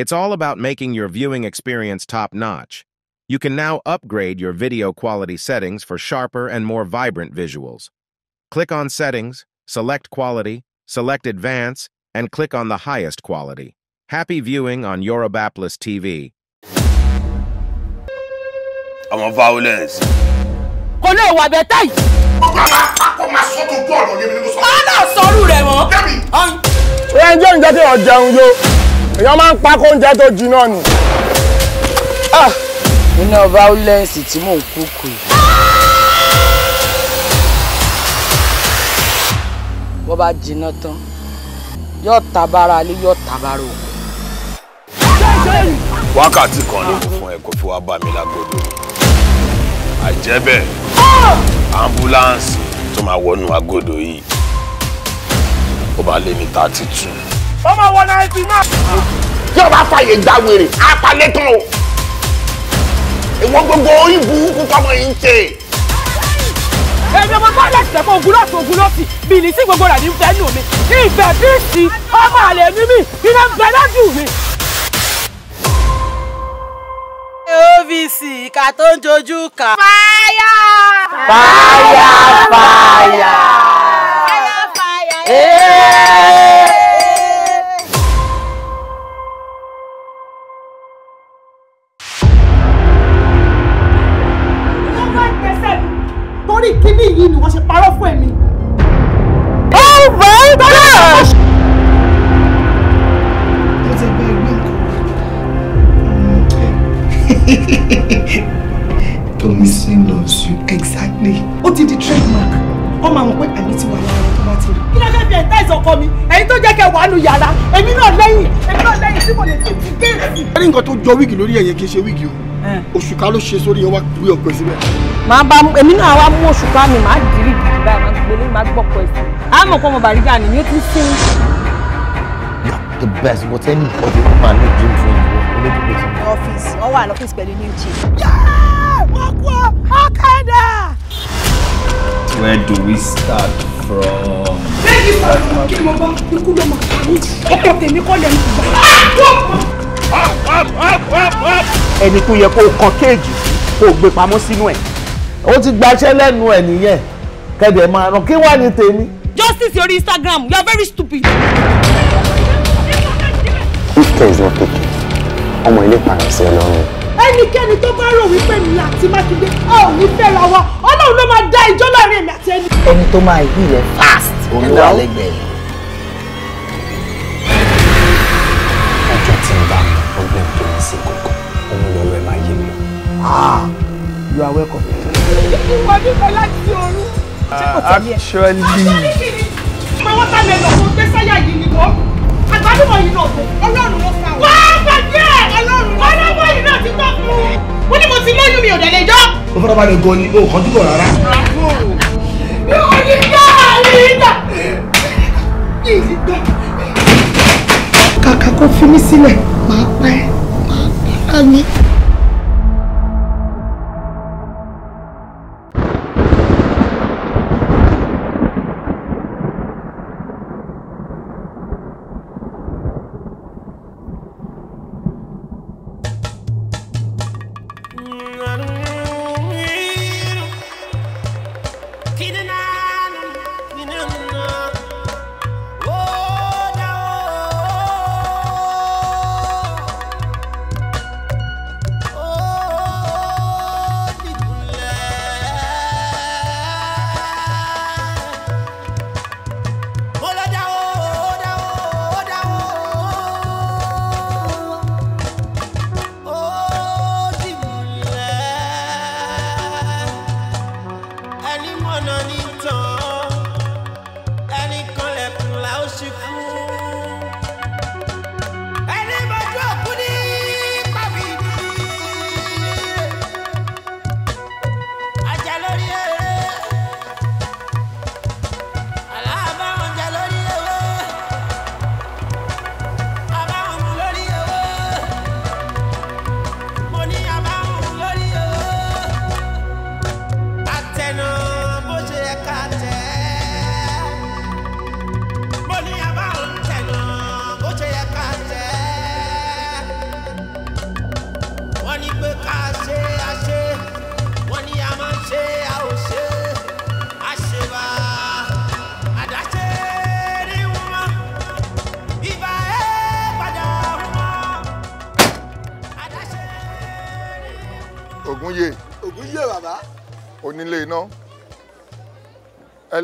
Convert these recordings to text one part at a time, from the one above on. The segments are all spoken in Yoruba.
It's all about making your viewing experience top-notch. You can now upgrade your video quality settings for sharper and more vibrant visuals. Click on Settings, select Quality, select Advance, and click on the highest quality. Happy viewing on Yorubapolis TV. Àwọn violence. Kò lè wà bẹ́ẹ̀ táyì. Ọgbà máa pákó máa sọ́tò èèyàn máa ń pa kóúnjẹ tó jiná ni. Ah! iná violence tí mò ń kú kù yìí. bó bá jiná tán yóò tabara alé yóò tabara òkú. wákàtí kan ni mo fún ẹ kó fi wá bá mi lágbódò àjẹbẹ ambulance tó máa wọnú agodo yìí ó bá lé ní thirty ó máa wọ náìtì náà. tí o bá fàyè gba wèrè apalẹ̀ tán o ìwọ gbogbo ìbú kúkọ ọmọ yìí ń ṣe. èmi ọmọ kọ́lẹ̀ tẹ̀kọ̀ ògúnlọ́sì ògúnlọ́sì bìlì sí gbogbo rẹ̀ ní bẹ́ẹ̀ nù mí ìbẹ̀ bí sí ọmọ àlè ní mí iná bẹ lójú mi. ovc ìka tó ń jojú kà. fáyà. fáyà fáyà. fáyà fáyà. yìí ni wọ́n ṣe parọ́ fún èmi. oh my gosh. ó ti gba ẹgbẹ́ nǹkan. Mm, Tomisi loves you exactly. ó ti di trademark wọ́n máa mọ̀ pé àmì ti wà lára tó bá ti rí. kí ló fẹ́ fi ẹ̀dá ìsọ̀kọ mi ẹ̀yin tó jẹ́ kẹ́ wà nù yàrá èmi náà lẹ́yìn èmi náà lẹ́yìn tí mo lè fi ti géètì. ẹ rí nǹkan tó jọ wíìgì lórí ẹ̀yẹ kì í ṣe wíìgì o. Eh. oṣù ká ló ṣe sórí yẹn wá gbé ọkọ síbẹ̀. màá bá èmi náà wá mú oṣù ká mi màá dìrì gidi báyìí màá gbélé màá gbọ́kọ ẹ sí i àmọ́ kọ́ mo bàrígà ni yóò ti sún. you are the best what any body woman need dream for you olódùgbò sí. ọ́fíìsì ọ wà lọ́fíìsì pẹ̀lú new chief. mo kú ọ̀kadà. where do we start from. bẹ́ẹ̀ni kí ni mo bá ikú ló máa pa tèmi kọ́ lẹ́nu ẹni tó yẹ kó kan kéèjì kó gbé pamọ́ sínú ẹ̀. ó ti gbaṣẹ́ lẹ́nu ẹ̀ nìyẹn kẹ̀dẹ̀ máa ràn kí wàá ní tèmi. justice orí instagram you are very stupid. This care is not taken ọmọ ilé parẹ́ sí ọlọ́run. ẹnikẹ́ni tó bá rò wípé mi àti mákindé a ò ní fẹ́ra wa ọlọ́run ló máa dá ìjọ láàrin èmi àti ẹni. ẹni tó máa yí ilẹ̀ fast olúwa lẹ́gbẹ̀ẹ́. ọjọ́ tí ń bá Ah, you are welcome. Ìwọ ní kọ láti òru. Actually. Pé wọ́n sálẹ̀ lọ fún pé sáyà yìí ni wọ́n. Àgbálùmọ̀ yìí náà tó ọlọ́run wọn fà wọ́n. Wọ́n gbàgbé ẹ̀ ọlọ́run wọn. Ọlọ́wọ́ yìí náà ti tọ́ fún un. Mo ní mo ti lóyún mi ò dẹ̀ lè jọ́. Mo fọ́nà balẹ̀ gan ni o kàn dúró rárá. Ìwọ ní gbà ìyíta. Ìyíta. Kàkà kó go mí sílẹ̀, màá pẹ́, màá pẹ́ lánìí.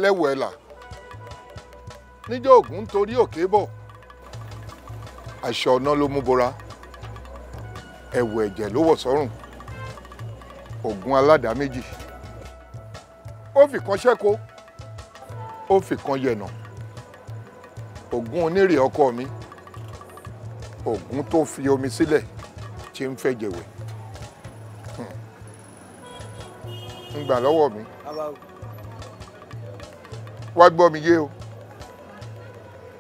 lẹ́wọ̀ ẹ̀là níjọ́ ògún torí òkè bọ̀ aṣọ ọ̀nà ló mú bora ẹ̀wù ẹ̀jẹ̀ ló wọ̀ sọ́rùn ògún aládàá méjì ó fi kan ṣẹ́ko ó fi kan yẹ̀nà ògún onírè ọkọ mi ògún tó fi omi sílẹ̀ tí ń fẹ́ jẹ̀wẹ̀ hm. ń gbà lọ́wọ́ mi wá gbọ́ mi yé o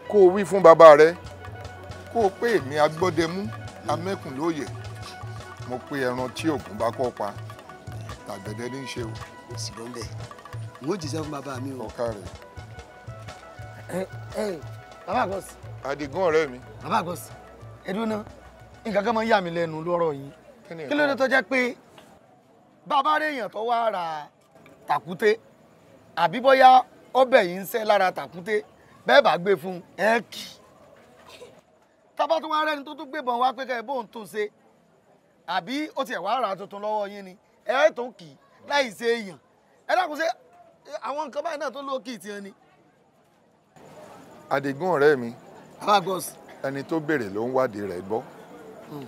kó o wí fún bàbá rẹ kó o pé èmi agbọ́dẹmú amẹ́kùn lóye mo pé ẹran tí òkun bá kọ́ pa tàgbẹ̀dẹ ní í ṣe o. kò sí bọ́ bẹ́ẹ̀ n ó jíṣẹ́ fún bàbá mi o. ọ̀ka rẹ̀. ẹ ẹ bàbá àgọ́sì. àdìgún ọ̀rẹ́ mi. bàbá àgọ́sì ẹdún náà nǹkan kan máa ń yà mí lẹ́nu lọ́rọ̀ yìí kí ló dé tó jẹ́ pé bàbá rèèyàn tó wá ra tàkúté àbí bóyá ọbẹ̀ yìí ń sẹ́ lára tàkúté bẹ́ẹ̀ bá gbé fún ẹ kì í tábà tó wá rẹ́ni tó tún gbébọn wá pé kẹ́ ẹ bóun tó ṣe àbí ó tiẹ̀ wá ra tuntun lọ́wọ́ yín ni ẹ tó kì í láì ṣe èèyàn ẹ dákun ṣe àwọn nǹkan báyìí náà tó lóò kì í tiẹ̀ ni. àdìgún ọ̀rẹ́ mi ẹni tó béèrè ló ń wádìí rẹ̀ gbọ́ hmm.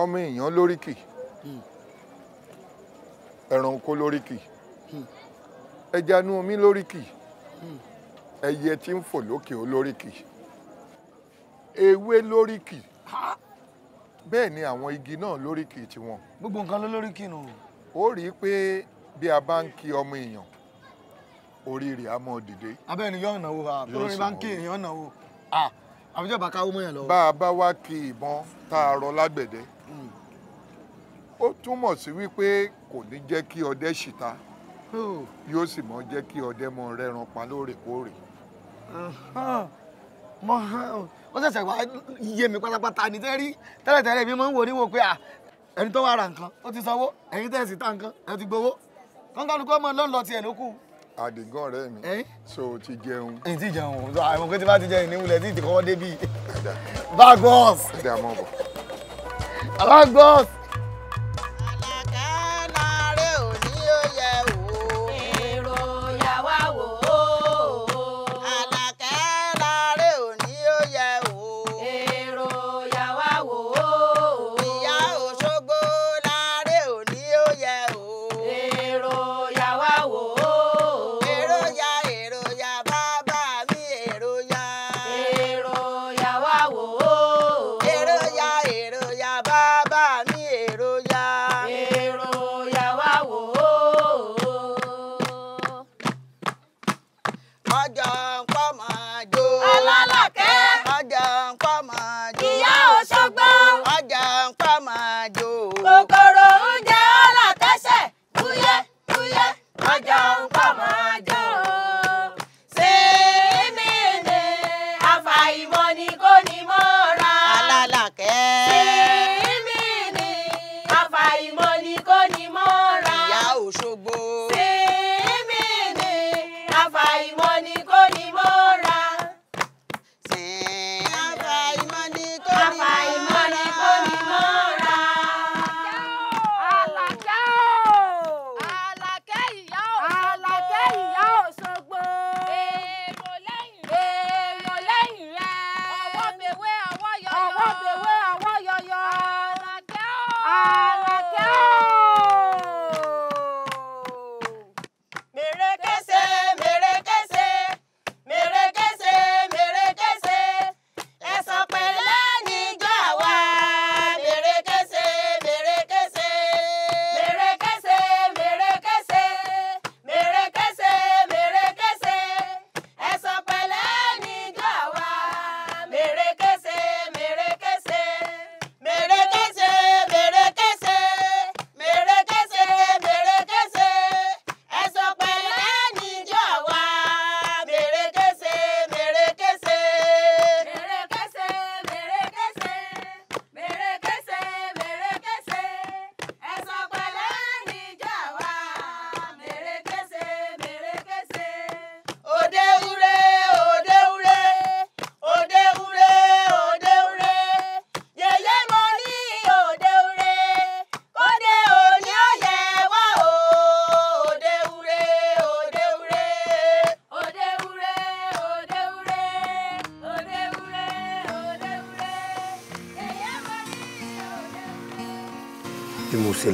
ọmọ èèyàn lóríkì hmm. ẹranko lóríkì hmm. ẹja inú omi lóríkì ẹyẹ tí ń fò lókè olóríkì ewé lóríkì bẹ́ẹ̀ ni àwọn igi náà lóríkì tiwọn. gbogbo nǹkan ló lóríkì nù. ó rí i pé bí a bá ń kí ọmọ èèyàn oríire a mọ dìde. abẹ́rẹ́ yóò náwó àbúrò bá ń kí èèyàn náwó àbújá bàká ó mọ̀yàn lọ́wọ́. bá a bá wá kí ìbọn tá a rọ lágbẹ̀dẹ hmm. ó túmọ̀ sí wípé kò ní jẹ́ kí ọdẹ ṣìta. Hmm. yóò sì mọ jẹ́ kí ọdẹ mọ rẹran pa lóòrèkóòrè. wọ́n ṣẹ̀ṣẹ̀ wá iye mi pátápátá ní tẹ́rí tẹ́lẹ̀tẹ́lẹ̀ mi máa ń wò níwò pé ẹni tó wá ra nǹkan ó ti sanwó ẹ̀yin tẹ̀sí tá nǹkan ẹ ti gbowó kọ́ńkọ́ńkọ́ mọ́ lọ́nà tiẹ̀ lókù àdìgán ọ̀rẹ́ mi so ti jẹun. èyí ti jẹun o àwọn kò tí bá ti jẹun ní wulẹ̀ tí ìtìkọ́ débi. bagos. bagos.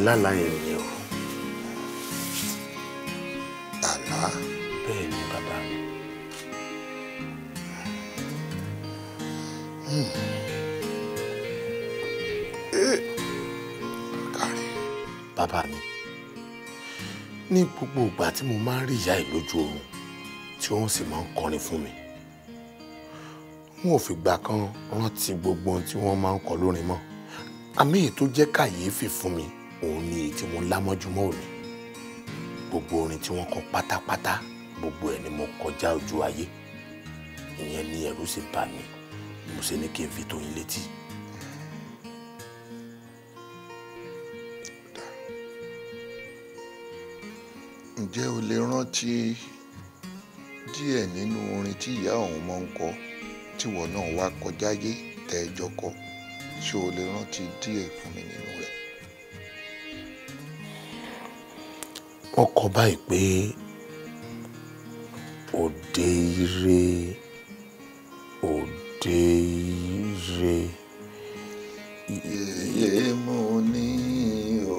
lálá yẹn nìyẹn o. àlá. bẹ́ẹ̀ ni bàbá mi. Hmm. Eh. bàbá mi ní gbogbo ìgbà tí mo máa ń rí ìyá ìlójú oorun tí wọ́n sì máa ń kọrin fún mi wọn ò fìgbà kan rántí gbogbo ohun tí wọ́n máa ń kọ lórin mọ́ àmì èyí jẹ́ kàyéfì fún mi òun ni èyí tí mo lámọ́júmọ́ òní gbogbo orin tí wọ́n kọ pátápátá gbogbo ẹ̀ ni mo kọjá ojú ayé ìyẹn ni ẹ̀rù sì bà mí mo ṣe ní kí n fi tó yín létí. ǹjẹ́ o lè rántí díẹ̀ nínú orin tí ìyá ọ̀hún mọ́ ń kọ tíwọ náà wá kọjá yé tẹ́ ẹ jọ kọ ṣé o lè rántí díẹ̀ fún mi nínú. báyìí pé òde ire òde ire ilé mo ní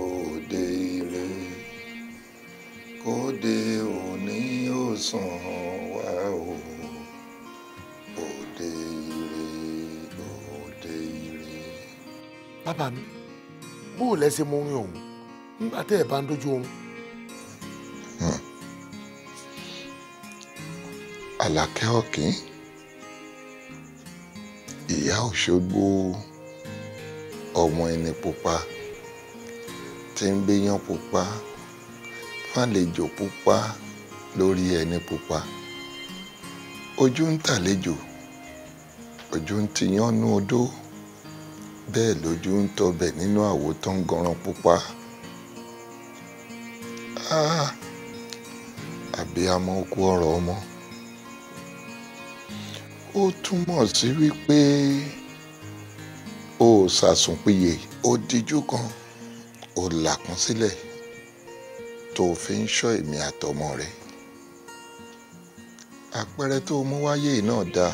òde ire kóde òní ó sàn wá o òde ire òde ire. bàbá mi bó o lẹ́sẹ̀ mọ́ orin ọ̀hún nígbà tẹ́ ẹ̀ bá ń dojú oorun. Àlàkẹ́ Ọ̀kín ìyá Òṣogbo ọmọ ẹni pupa tí ń gbéyán pupa fàlejò pupa lórí ẹni pupa ojú ń tàlejò ojú ń tiyán nú odó bẹ́ẹ̀ lójú ń tọbẹ̀ nínú àwo tó ń ganran pupa. Ah, àbí amọ̀ kú ọ̀rọ̀ ọmọ ó túmọ̀ sí wípé o ṣàsùnpìyè o dijú kan ó làkún sílẹ̀ tó fi ń ṣọ́ èmi àtọmọ rẹ àpẹẹrẹ tó mú wáyé náà dáa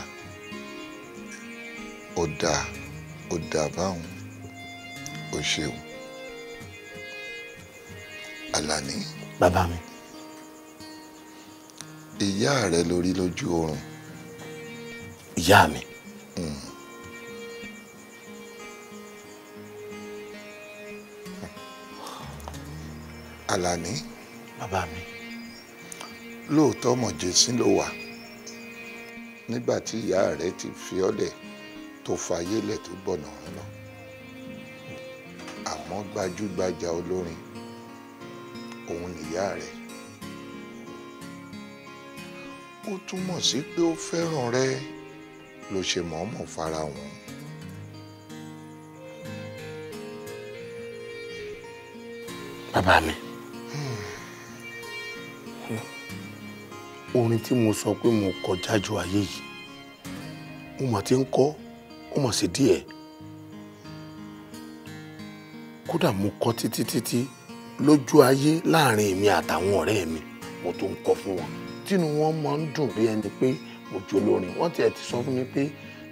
ó dáa ó dáa báwọn ó ṣeun Àlàní. bàbá mi. ìyá rẹ lórí lójú oorun ìyá mi. Àlàní. bàbá mi. lóòótọ́ mọ̀jẹ̀sí ló wà nígbà tí ìyá rẹ̀ ti fi ọ́lẹ̀ tó fayé lẹ̀ tó gbọ̀nà ọ̀hún lọ àmọ́ gbajúgbajà olórin òun nìyá rẹ̀ ó túmọ̀ sí pé ó fẹ́ràn rẹ̀ ló ṣe mọ̀ọ́mọ̀ fara wọn. bàbá mi. orin tí mo sọ pé mo kọ jájú ayé yìí mo mà ti ń kọ ó mà sí díẹ̀ kódà mo kọ títí títí lójú ayé láàrin èmi àtàwọn ọ̀rẹ́ mi mo tó ń kọ fún wọn tínú wọn máa ń dùn bí ẹni pé. Pe ojú olórin wọ́n tiẹ̀ ti sọ fún mi pé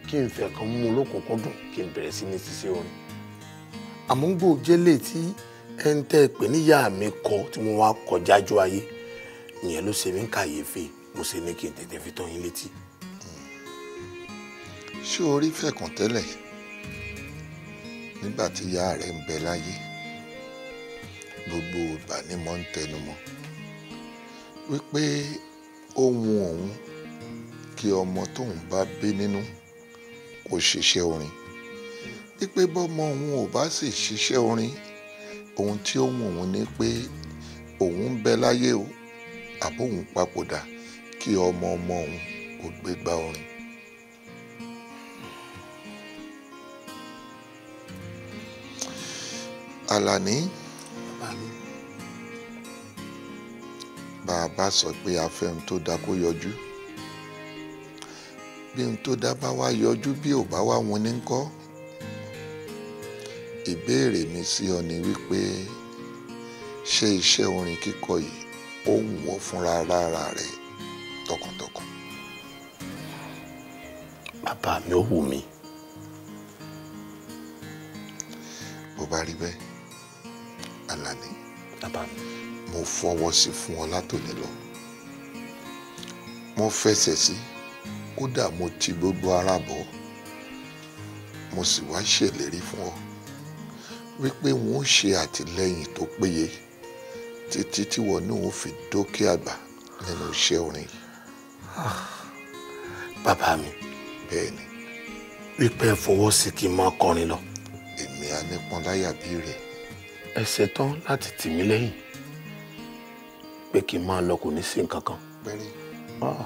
kí n fẹ́ kan mú olókùnkúndùn kí n bẹ̀rẹ̀ sí ní ṣiṣẹ́ orin àmọ́ gbòógélé tí ẹ ń tẹ́ pé níyà mi kọ tí wọ́n wá kọjá ju ayé ìyẹn ló ṣe mí ń kàyéfì mo ṣe ní kí n tètè fi tán yín létí. ṣé o rí fẹ̀kàn tẹ́lẹ̀ nígbà tí ìyá rẹ̀ ń bẹ láyé gbogbo ìgbà ni mo ń tẹnu mọ́ wípé ohun òun kí ọmọ tóun bá bí nínú kó ṣiṣẹ́ orin wípé bọ́mọ òun ò bá sì ṣiṣẹ́ orin ohun tí ó wù òun ni pé òun ń bẹ láyé o àbóhùn papòdà kí ọmọ ọmọ òun kò gbégbá orin. Àlàní bàbá sọ pé afẹ́hun tó dáa kó yọjú bí n tó dá bá wá yọjú bí ò bá wá wọn ní kọ́ ìbéèrè mi sí ọ ni wípé ṣé iṣẹ́ orin kíkọ yìí ó wù ọ́ fúnra lára rẹ tọkàntọkàn. bàbá mi ó wù mí. bó bá rí bẹ́ẹ̀ Alani mo fọwọ́ sí fún ọ látòní mo fẹsẹ̀ sí. Si kódà mo ti gbogbo ara bọ̀ mo sì wá ṣèlérí fún ọ wípé wọn ó ṣe àtìlẹ́yìn tó péye títí tí wọn náà ó fi dókè àgbà nínú iṣẹ́ orin. Ah, bàbá mi. bẹ́ẹ̀ ni. wípé ẹ fọwọ́ sí kí n máa kọrin lọ. èmi á nípọn láyà bí rẹ. ẹ ṣetán láti tì mí lẹ́yìn pé kí n máa lọ ní sí nǹkan kan. bẹ́ẹ̀ Ah.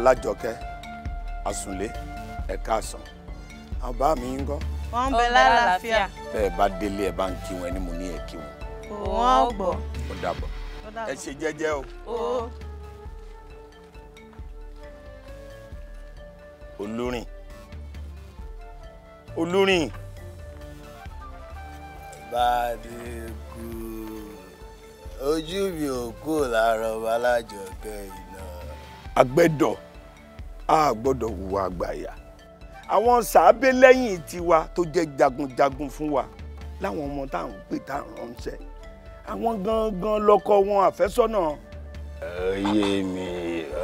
alájọkẹ́ àsùnlé ẹ káàsán àwọn bá mi ń gọ́. wọ́n ń bẹ lálàáfíà. bẹ́ẹ̀ bá délé ẹ bá ń kí wọn ẹni mo ní ẹ kí wọn. wọ́n gbọ́. ó dàbọ̀ ẹ ṣe jẹ́jẹ́ o. olórin olórin. bàdé kú ojú mi ò kú lára ọba alájọkẹ́ iná. agbẹ́dọ̀ a gbọ́dọ̀ hùwà àgbàyà àwọn sàábé lẹ́yìn tiwa tó jẹ́ jagunjagun fún wa láwọn ọmọ tá à ń pè tá à ń ránṣẹ́ àwọn gangan lọ́kọ wọn àfẹ́sọ́nà. oyè mi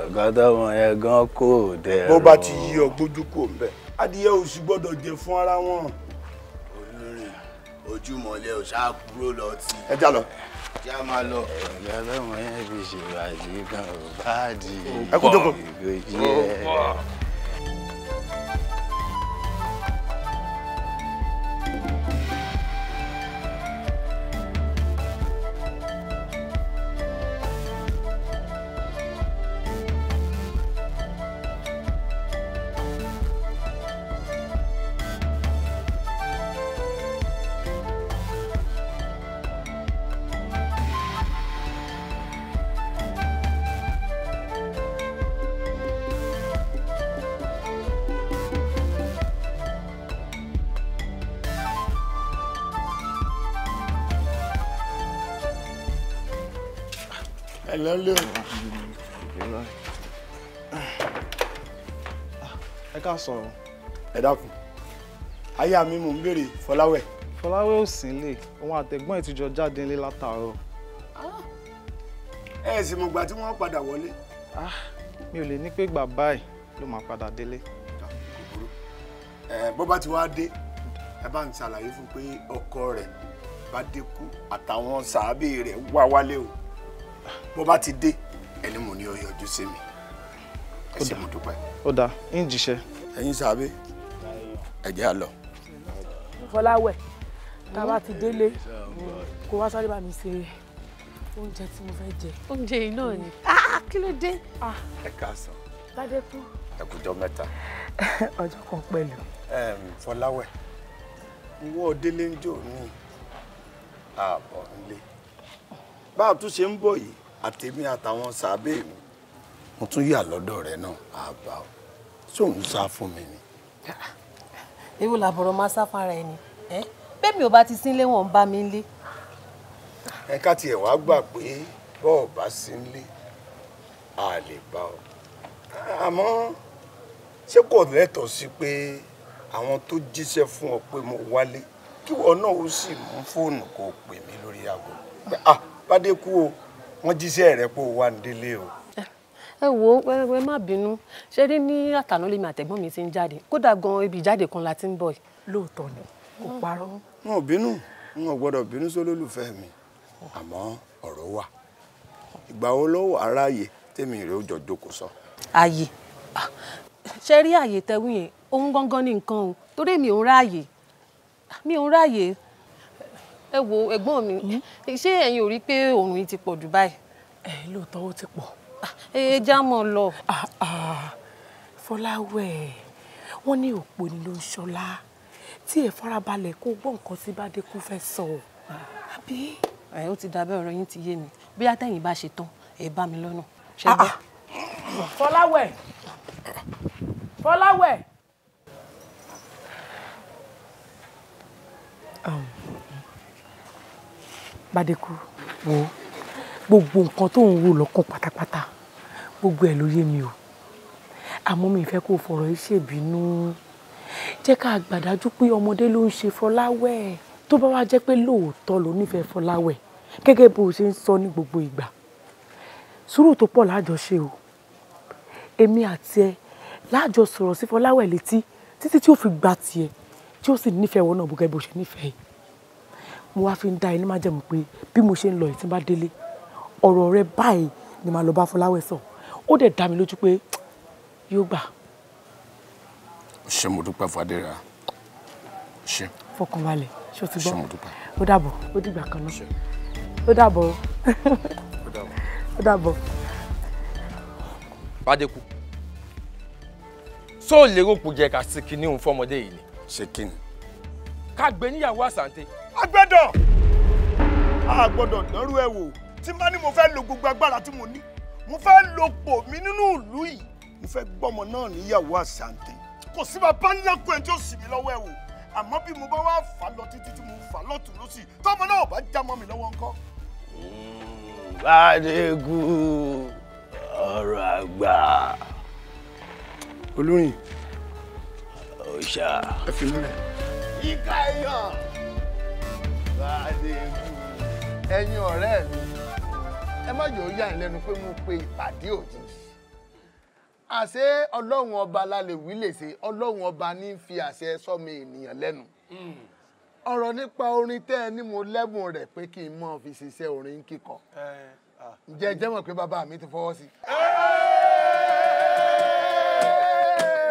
ọ̀gádà wọn yẹn gan kò dẹrùn. bó bá ti yí ọ gbójú kò ń bẹ adìyẹ oṣù gbọ́dọ̀ jẹ fún ara wọn. olórí ojúmọlẹ ò ṣáà kúrò lọ sí. ẹ já lọ já máa lọ. ọ̀gá lọ́mọ yẹn fi ṣèwádìí kan báàdì ìgbòjì ẹ̀. má sọ̀rọ̀. ẹ dákun aya mi mò ń béèrè fọláwẹ. fọláwẹ ò sí nílé òun àtẹ̀gbọ́n ẹ̀ ti jọ jáde nílé látàárọ̀. Ah! ẹ sì mọ̀gbà tí wọ́n padà wọlé. Ah! mi ò lè ní pé gbà báyìí ló máa padà délé. Ah, bó bá ti wá dé ẹ bá ń ṣàlàyé fún pé ọkọ rẹ̀ bá dé kú àtàwọn sàábì rẹ̀ wá wálé o bó bá ti dé ẹni mò ń yọjú sí mi ẹ sì ó dáa ń jíṣẹ́ ẹ̀yin sábẹ́ ẹ̀jẹ̀ á lọ. fọláwẹ̀ tá a bá ti délé kó wá sáré bá mi ṣe oúnjẹ tí mo fẹ́ jẹ. oúnjẹ yìí náà ni ah, kí ló dé. Ah. ẹ káàsán. ládé kú. ẹ kújọ mẹ́ta. ọjọ́ kan pẹ̀lú. fọláwẹ̀ wọ́n délé ń jò ní ààbọ̀ nílé bá a tún ṣe ń bọ̀ yìí àtèmi àtàwọn sàbẹ̀ mi mo tún yà lọ́dọ̀ rẹ náà àbá ṣé òun sá fún mi ni. ewu làbọ̀rọ̀ máa sá fara ẹni bẹ́ẹ̀ mi ò bá ti sí ilé wọn ń bá mi lé. ẹ ká tiẹ̀ wá gbà pé bọ́ọ̀ bá sí a lè bá ọ àmọ́ ṣé kò lẹ́tọ̀ọ́ sí pé àwọn tó jíṣẹ́ fún ọ pé mo wálé kí wọn náà ó sì mú fóònù kó pè mí lórí aago. bàdé kú o wọ́n jíṣẹ́ rẹ pé o wá ń délé o ẹ wo ẹ má bínú ṣe rí ní àtàná lèmi àtẹ̀gbọ́n mi ti ń jáde kódà gan ibi ìjáde kan la ti ń bọ̀ lóòótọ́ ni kò mm. parọ́. n ò bínú n ò gbọ́dọ̀ bínú sólólùfẹ́ mi àmọ́ ọ̀rọ̀ wà ìgbà wo ló wà ráàyè tèmi rè ó jọ jókòó sọ. ààyè ṣe rí ààyè tẹ́wù yẹn òun gangan ni nǹkan o torí mi ò ń ráàyè mi ò ń ráàyè ẹ wo ẹ̀gbọ́n mi hmm? ṣé ẹ̀yin ò rí pé òòrùn yìí ti pọ̀ jù ẹ lóòótọ́ ó ti pọ̀ Ah, ẹ já mọ̀ lọ. Ah, ah, fọláwẹ̀ wọ́n ní òpó ni ló ń ṣọlá tí ẹ farabalẹ̀ kó gbọ́ nǹkan tí bàdékù fẹ́ sọ àbí. ẹ ó ti dàbẹ́ ọ̀rọ̀ yín ti yé mi bóyá tẹ̀yìn bá ṣe tán ẹ bá mi lọ́nà ṣe gbọ́. Um, bàdékù wo gbogbo nǹkan tó ń ro lọ́kàn pátápátá gbogbo ẹ̀ ló yé mi o àmọ́ mi fẹ́ kó fọ̀rọ̀ yìí ṣèbínú jẹ́ ká gbàdájú pé ọmọdé ló ń ṣe Fọláwẹ̀ tó bá wá jẹ́ pé lóòótọ́ ló nífẹ̀ẹ́ Fọláwẹ̀ gẹ́gẹ́ bó o ṣe ń sọ ní gbogbo ìgbà sùúrù tó pọ̀ lájọṣe o èmi àti ẹ láàjọ sọ̀rọ̀ sí Fọláwẹ̀ létí títí tí ó fi gba tiẹ̀ tí ó sì nífẹ̀ẹ́ wọn náà gẹ́gẹ́ bó ṣe nífẹ̀ẹ́ mo wá fi ń dá ẹ ní májẹ̀mú pé bí mo ṣe ń lọ ìtí délé ọ̀rọ̀ rẹ báyìí ni màá lọ bá Fọláwẹ̀ sọ ó dẹ̀ dá mi lójú pé yóò gbà. ṣé mo dúpẹ́ fàdéra ṣé. fọkànbalẹ̀ ṣé o ti gbọ́ ṣé mo dúpẹ́. ó dàbọ̀ ó dìgbà kan náà ó dàbọ̀ ó dàbọ̀. Bádékù sọ ò lérò pò jẹ ká sí kinní òun fọmọdé yìí ni. ṣé kinní. ká gbé níyàwó àsàǹtẹ. agbẹ́dọ̀ a gbọ́dọ̀ dánrú ẹ̀ wò tí má ní mo fẹ́ lo gbogbo agbára tí mo ní mo fẹ́ lo pò mí nínú ìlú yìí mo fẹ́ gbọ́mọ náà níyàwó àṣàǹtẹ̀ kò sí bàbá ńlá kó ẹni tí ó sì mí lọ́wọ́ ẹ̀ wò àmọ́ bí mo bá wá fà lọ títí tí mo fà lọ́tún lọ́sì tọ́mọ náà ò bá já mọ́ mi lọ́wọ́ ńkọ́. Bádégún ọ̀rọ̀ àgbà. Olórin. Òòṣà. Ẹ fi múlẹ̀. Ìka ẹ̀yàn. Bádégún ẹ̀yin ọ̀rẹ́ mi ẹ má jòó yà ń lẹ́nu pé mo pe ìpàdé òjijì àṣé ọlọ́run ọba lálẹ́ wí lè ṣe ọlọ́run ọba ní fi àṣẹ sọ́mi ènìyàn lẹ́nu ọ̀rọ̀ nípa orin tẹ́ ẹ ní mo lẹ́bùn rẹ̀ pé kí n mọ̀ fi ṣiṣẹ́ orin kíkọ ǹjẹ́ jẹ́ pé bàbá mi ti fọwọ́ sí. ṣe ẹ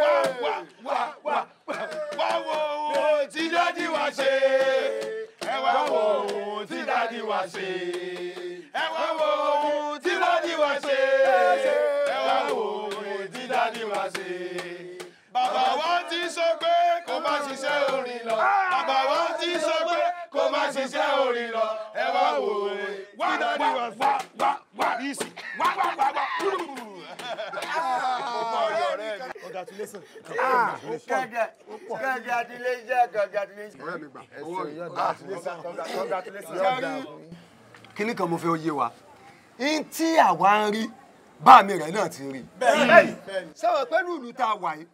wá wo ohun tí dádì wá ṣe wá wo ohun tí dádì wa ṣe ẹ wá wo ohun tí dádì wa ṣe. bàbá wa ti sọ pé kó má ṣiṣẹ́ orin lọ bàbá wa ti sọ pé kó má ṣiṣẹ́ orin lọ ẹ wá wo ohun tí dádì wa ṣe. wá wá wá ìsì wá wá wá wá ah. ah, congratulations. congratulations. congratulations. congratulations kíní kan mo fẹ́ yé wa n tí àwa ń rí bá mi rẹ̀ náà ti rí. bẹ́ẹ̀ni sẹ́wọ̀n pẹ̀lú ìlú tá a wà yìí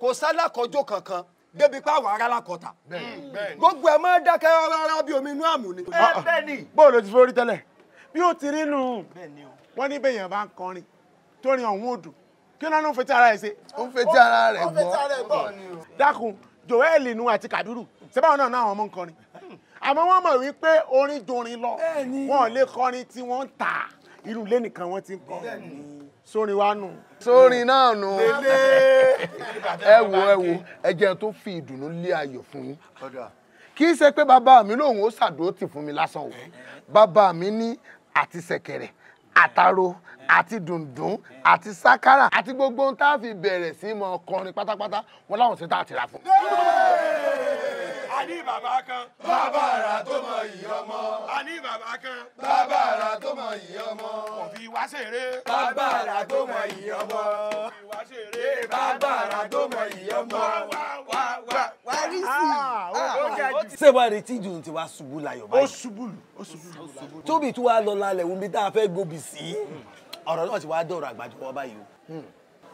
kò sálákọjọ kankan débi pé àwọn ará làkọta hmm. gbogbo ẹ máa dákẹ́ rárá bí omi inú àmú ni. Eh, bóòlù ti forí tẹ́lẹ̀ bí ó ti rí nù wọ́n ní bẹ́yàn bá ń kọrin tó rin ọ̀hún òdù kí ló ń fetí ara ẹ̀ ṣe. ó ń fetí ara rẹ̀ gbọ́ dákun joel nu àti kabiru ṣé náà náà wọn mọ ń kọrin àmọ́ wọ́n mọ̀ wípé orin dorin lọ wọ́n lè kọrin tí wọ́n ń tà irú ilé nìkan wọ́n ti ń kọ́ sórin wa nù. sórin náà nù ẹ wo ẹ wo ẹ jẹ́ tó fi ìdùnnú lé ayọ̀ fún yín kì í ṣe pé bàbá mi lòun ó ṣàdúró tì fún mi lásán o bàbá mi ní àti ṣẹ̀kẹ̀rẹ̀ àtàrò àti dùndún àti sákárà àti gbogbo ohun tá a fi bẹ̀rẹ̀ sí mọ ọkọrin pátápátá wọn láwọn ṣe tá a ti fún a ní bàbá kan. bàbá àrà tó mọ ìyá ọmọ. a ní bàbá kan. bàbá àrà tó mọ ìyá ọmọ. òbí wa ṣeré. bàbá àrà tó mọ ìyá ọmọ. òbí wa ṣeré. bàbá àrà tó mọ ìyá ọmọ. wá wá wá wá rí sí i. ṣé wàá retí ìdùnnú tí wàá ṣubú láyọ̀ báyìí. ó ṣubú ó ṣubú. tóbi tí wàá lọ lálẹ́ omi tá a fẹ́ gòbì sí ọ̀rọ̀ náà ti wàá dọ̀rọ̀ àgbàjọ wa báyìí o. Hmm.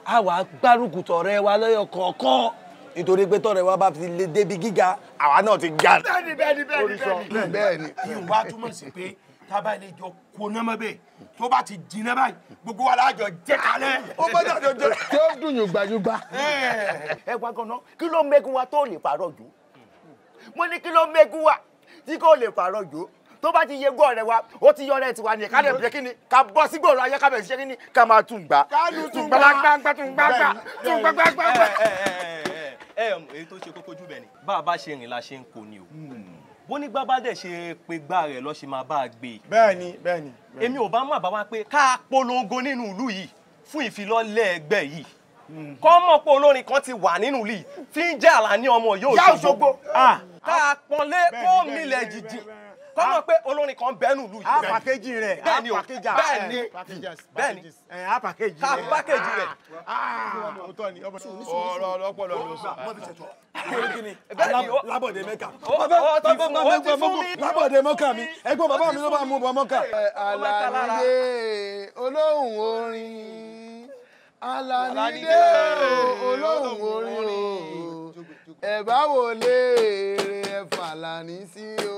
a wàá gbárùkù tọ̀rẹ́ wa lọ́yọ̀ kọ̀ọ̀kan nítorí pé tọrẹ wa bá fi lè débi gíga àwa náà ti ga. bẹ́ẹ̀ni bẹ́ẹ̀ni bẹ́ẹ̀ni bẹ́ẹ̀ni. yìí wá túmọ̀ sí pé tábà ilé jọ kó námọ́ bẹ́ẹ̀ tó bá ti jiná báyìí gbogbo wa láàjọ jẹ́ kalẹ̀. ó bá dàjọ jẹ. tí ó dùn yùgbàyùgbà. ẹ wá gan-an kí ló mẹ́gun wa tó lè pààrọ̀ jù mo ní kí ló mẹ́gun wa tí kò lè pààrọ̀ jù tó bá ti yegún ọ̀rẹ́ wa ó ti yọ ọ̀rẹ́ tiwa ni ká lè bẹ kíni ká bọ́ sí gbòòrò ayé ká bẹ̀rẹ̀ sí kíni ká máa tún gbà. ká lu tún gbà tún gbà tún gbà tún gbà gbà gbà ẹ èyí tó ṣe kókó jù bẹ́ẹ̀ ni bá a bá ṣe rìn la ṣe ń kó ni o hmm. bó ní gbá bá dẹ̀ ṣe pé gbá rẹ̀ lọ́ ṣe máa bá a gbé. bẹ́ẹ̀ni bẹ́ẹ̀ni. èmi ò bá mọ̀ bá wa pé ká polongo nínú ìlú yìí fún ìfilọ́lẹ̀ ẹgbẹ́ yìí hmm. kọ́ mọ̀ pé olórin kan ti wà nínú ìlú yìí tí ń jẹ́ Àlàní ọmọ yóò ṣogbo ah, ká pọ́nlé kó milẹ̀ jìjì kọ́ mọ̀ ah. pé olórin kan bẹ́nu lù yìí. a ah, pàkéjì rẹ̀ bẹ́ẹ̀ni o bẹ́ẹ̀ni bẹ́ẹ̀ni a pàkéjì rẹ̀ a pàkéjì rẹ̀. Ah. ọ̀rọ̀ ọlọ́pọ̀lọ́ ló sọ. bẹ́ẹ̀ni o labọ̀dé mẹ́ka. o ti fún o ti fún mi. labọ̀dé mọ́kà mi ẹgbọ́n bàbá mi ló bá mú bọ́ mọ́kà. alàlàyé olóhùn orin alàlàyé olóhùn orin o ẹ bá wọlé ẹ fàlàní sí o.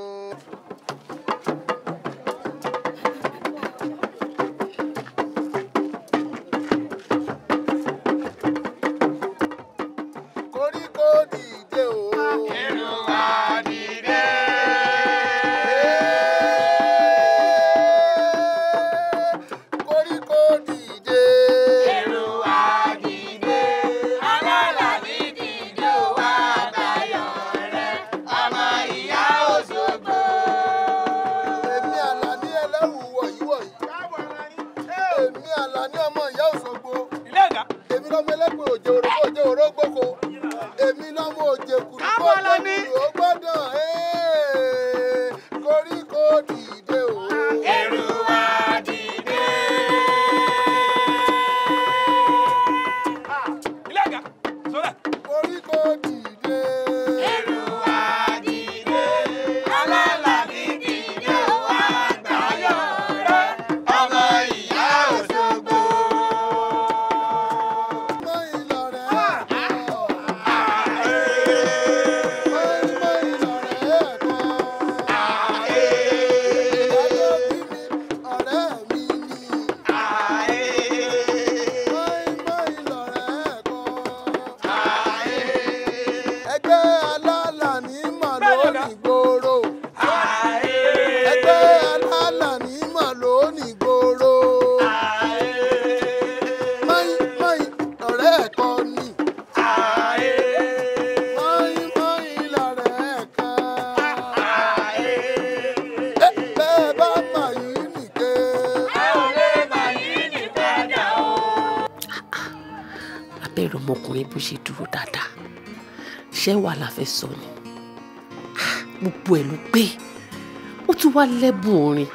lẹ́bùn orin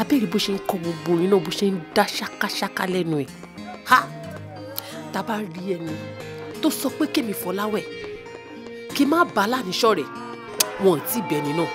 abẹ́rẹ́ ah, bó ṣe ń kọ gbogbo orin náà bó ṣe ń dá ṣákáṣáká lẹ́nu ẹ̀ ha tá a bá rí ẹni tó sọ pé kémi Fọláwẹ̀ kí n má bàa láníṣọ́ rẹ̀ wọn ò tí ì náà.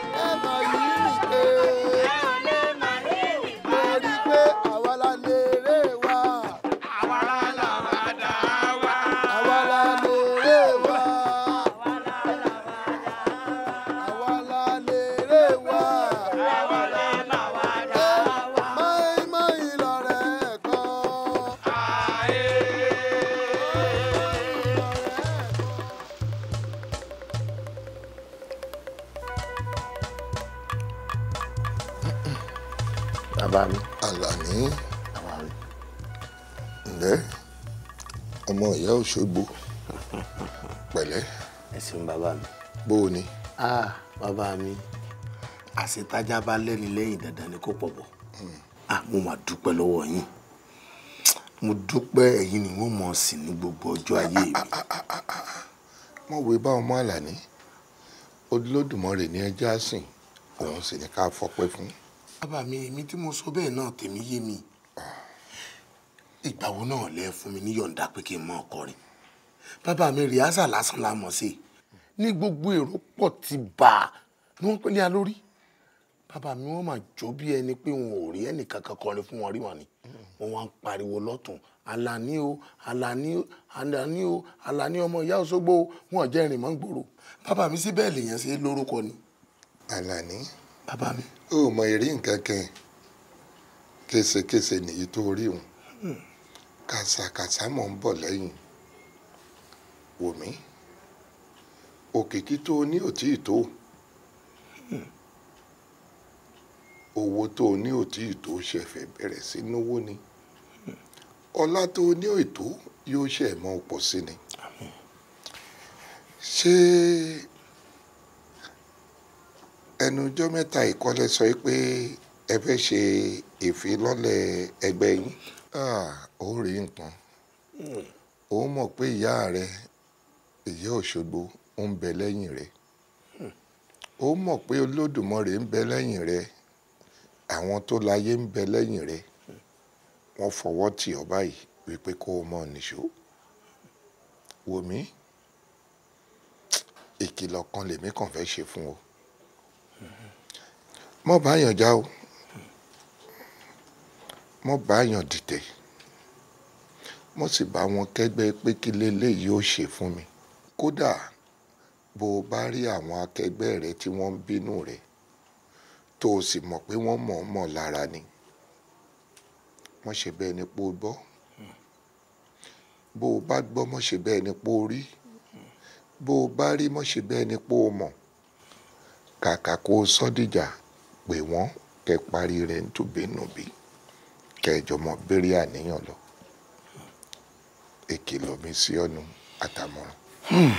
Òṣogbo pẹ̀lẹ́. ẹ ṣeun bàbá mi. bó o ni. ah bàbá mi àṣetájá bá lẹ́ni lẹ́yìn dandan ni kò pọ̀ bọ̀ hmm. ah mo máa dúpẹ́ lọ́wọ́ yín mo dúpẹ́ ẹ̀yin ni wọ́n mọ̀ sí ní gbogbo ọjọ́ ayé mi. Ah, ah, ah, mo wé bá ọmọ àlàní Olódùmarè ní ẹjọ́ àsìn òun sì ní ká fọpẹ́ fún. bàbá mi èmi tí mo sọ bẹ́ẹ̀ náà tèmi yé mi ìgbà wo náà lẹ fún mi ní yọ̀ǹda pé kí n mọ ọkọrin bàbá mi rìhásà lásán la mọ̀ sí ní gbogbo èrò pọ̀ ti bà á ni wọ́n pẹ́lẹ́ alórí bàbá mi wọ́n máa jó bí ẹni pé wọn ò rí ẹnìkan kan kọrin fún wọn rí wọn ni wọ́n wá ń pariwo lọ́tún Àlàní o Àlàní o Àlàní o Àlàní ọmọ ìyá Òṣogbo wọn ò jẹ́ ìrìn mọ́ ń gbòòrò bàbá mi sí bẹ́ẹ̀ lèèyàn ṣe lórúkọ ni. Àlàní bàbá mi. o mọ ìrí nǹkan kan késekése nìyí tó rí òun. Hmm kàsàkàsà mọ̀ ń bọ̀ lẹ́yìn wò mí òkìkí tó o ní ò tí ì tó hmm. owó tó o ní ò tí ì tó ṣẹ̀fẹ̀ bẹ̀rẹ̀ sí náwó ni hmm. ọlá tó o ní ò tó yóò ṣe mọ pọ̀ sí ni ṣé ẹnu ọjọ́ mẹ́ta ìkọ́lẹ̀ sọ pé ẹ fẹ́ ṣe ìfilọ́lẹ̀ ẹgbẹ́ yín ó rí nǹkan ó mọ̀ pé ìyá rẹ ìyá Òṣogbo ó ń bẹ lẹ́yìn rẹ ó mọ̀ pé Olódùmarè ń bẹ lẹ́yìn rẹ àwọn tó láyé ń bẹ lẹ́yìn rẹ wọ́n fọwọ́ tì ọ́ báyìí wípé kó o mọ̀ nìṣó wò mí ìkìlọ̀ kan lèmi kàn fẹ́ ṣe fún ọ mọ̀ báyàn já o mo bá yàn dìde mo sì bá wọn kẹ́gbẹ́ pé kí leléyìí ó ṣe fún mi kódà bó o bá rí àwọn akẹgbẹ́ rẹ tí wọ́n ń bínú rẹ tó o sì mọ̀ pé wọ́n mọ̀ ọ́n mọ̀ lára ni wọ́n ṣe bẹ́ẹ̀ ni pé o gbọ́ bó o bá gbọ́ mọ̀ ṣe bẹ́ẹ̀ ni pé rí bó o bá rí mọ̀ ṣe bẹ́ẹ̀ ni pé o kàkà kó o sọ́dìjà pè wọ́n kẹ́ parí rẹ̀ ń tùbínú bíi kẹjọ mọ béèrè àníyàn lọ èkìlọ̀ mi sí ọ̀nù àtàmọ̀ràn. Hmm,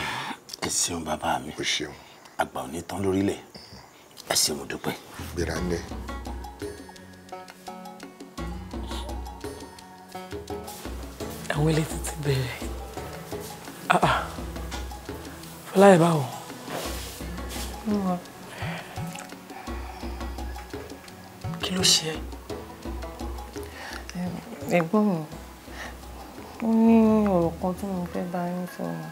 ẹ ṣeun bàbá mi o ṣeun àgbà ò ní tán lórílẹ̀ ẹ ṣeun mo dúpẹ́. gbéra ń lẹ́. àwọn ilé títí bẹ̀rẹ̀ ah, ah. fọláyẹ báwo. kí ló ṣe é ẹ̀gbọ́n mi ó ní ọ̀rọ̀ kan tí mo fẹ́ bá yín sọ̀rọ̀.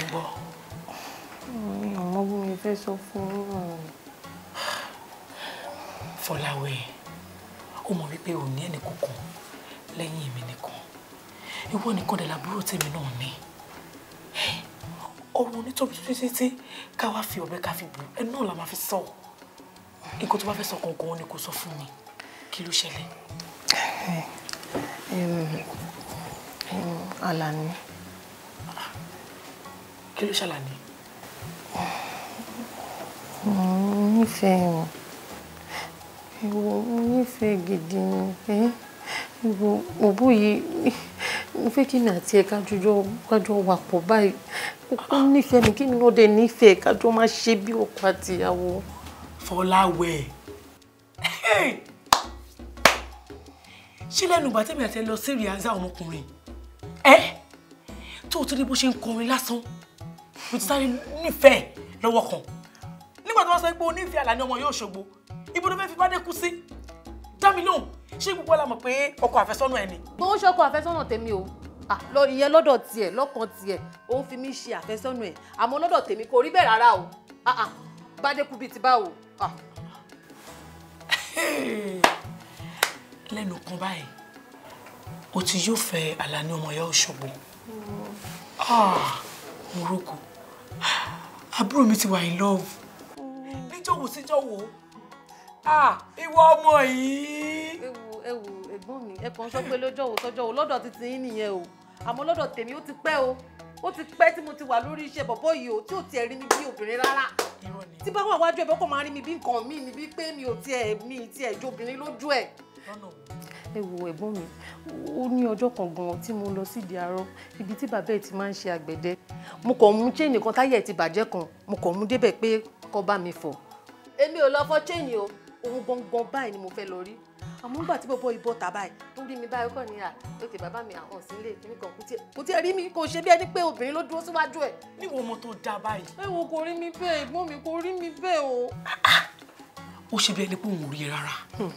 ǹgbọ́. mi ò mọ bí mi fẹ́ sọ fún yín ọ̀rọ̀. Fọláwẹ́ ó mọ̀ wípé ò ní ẹnì kankan lẹ́yìn èmi nìkan ìwọ nìkan dẹ̀ làbúrò tèmi náà ní ọrùn onítọ̀bí títí ká wá fi ọ̀bẹ ká fi bù ẹ náà la máa fi sọ ọ́ nǹkan tó bá fẹ́ sọ gangan ni kò sọ fún mi kí ló ṣẹlẹ̀. Alani. kí ló ṣàlàní. mo nífẹ̀ẹ́ o ìwọ mo nífẹ̀ẹ́ gidi ni ìwọ òbú yìí mo fẹ́ kí ni àti ẹ̀ kájọ kájọ wà pọ̀ báyìí ó nífẹ̀ẹ́ mi kí ni ó dé nífẹ̀ẹ́ kájọ máa ṣe bí ọkọ àtìyàwó. Fọláwẹ̀ ṣé lẹ́nu ìgbà tẹ́mi àti ẹ lọ sí rìhánṣá ọmọkùnrin ẹ tó o tó dé bó ṣe ń kọrin lásán mo ti sáré nífẹ̀ẹ́ lọ́wọ́ kan nígbà tó wọ́n sọ pé onífẹ̀ẹ́ àlàní ọmọ yóò ṣògbó ibo ló fẹ́ fi bádé kú sí dá mi lóhùn ṣé gbogbo ọlá mọ̀ pé ọkọ àfẹ́sọ́nà ẹni. mo ń ṣọkọ àfẹ́sọ́nà tèmi o ìyẹn lọ́dọ̀ tiẹ̀ lọ́kàn tiẹ̀ ó ń fi mí ṣe àfẹ́sọ́nà ẹ̀ àmọ́ lọ́dọ̀ tèmi kò rí bẹ́ẹ̀ rárá o bádé kú bíi ti báwo. Ah. lẹ́nu kan báyìí o ti yóò fẹ́ Àlàní ọmọ ìyá Òṣogbo morocco àbúrò mi ti wà in love níjọ́ wo síjọ́ wo ah, ìwọ ọmọ yìí. ewu ewu ẹ̀gbọ́n mi ẹ kàn sọ pé lọ́jọ́ wo sọ́jọ́ wo lọ́dọ̀ títí yín nìyẹn o àmọ́ lọ́dọ̀ tèmi ó ti pẹ́ o ó ti pẹ́ tí mo ti wà lórí iṣẹ́ bọ̀bọ̀ yìí o tí ò tiẹ̀ rí mi bí obìnrin rárá tí bá wà wájú ẹ̀ bọ́kọ̀ máa rí mi bí nǹkan mi ni bí pé mi ò tiẹ̀ mi tiẹ̀ jó obìnrin lójú ẹ̀. ẹ wo ẹ̀gbọ́n mi ó ní ọjọ́ kan gan tí mo lọ sídìí arọ ibi tí bàbá ẹ̀ ti máa ń ṣe àgbẹ̀dẹ mo kàn mú chain kan táyà ẹ̀ ti bàjẹ́ kan mo kàn mú débẹ̀ pé kó bá mi fọ̀. èmi ò lọ fọ chain o òun gangan báyìí ni mo fẹ́ lọ rí àmọ́ ńgbà tí bòbó ìbò tà báyìí ó rí mi báyìí kàn ní à lókè bàbá mi àwọn sílé kíní kan kò tiẹ̀ rí mi kò ṣe bí ẹni pé obìnrin ló dúró síwájú ẹ̀. níwò ọmọ tó dáa báyìí. ẹ wo kò rí mi bẹ́ẹ̀ ẹ̀gbọ́n mi kò rí mi bẹ́ẹ̀ o. ó ṣe bí ẹni pé òun ò rí ẹ rárá. Hmm.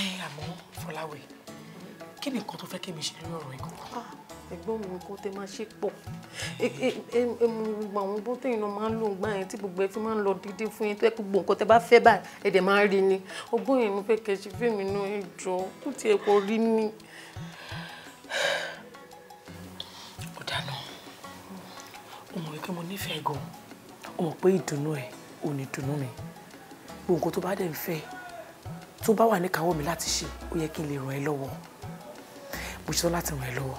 ẹ àmọ́ Fọláwẹ̀ kí ni nǹkan tó fẹ́ kí mi ṣe lórí ọ̀rọ̀ yìí kọ́kọ́. Ah, ẹ̀gbọ́n mi nǹkan tẹ máa ṣe pọ̀ gbogbo e, e, e, àwọn bóńtẹ́ iná máa ń lò gbá yẹn tí gbogbo ẹ fi máa ń lọ dídí fún yín tó yẹ gbogbo nǹkan tẹ bá fẹ́ báyìí ẹ̀dẹ̀ máa ń rí ni ọgbọ́n yẹn mo fẹ́ kẹ́ ṣe fíìmù náà ẹ jọ kó tiẹ̀ kó rí ni. ó dáná o mọ̀ wípé mo nífẹ̀ẹ́ gan o mọ̀ pé ìdùnnú ẹ̀ ò ní dùnnú mi gbogbo nǹkan tó bá dẹ̀ ń fẹ́ tó bá wà níkàáwọ́ mi láti ṣe ó yẹ kí n lè ràn ẹ́ lọ́wọ́ mo ṣetán láti ràn ẹ́ lọ́wọ́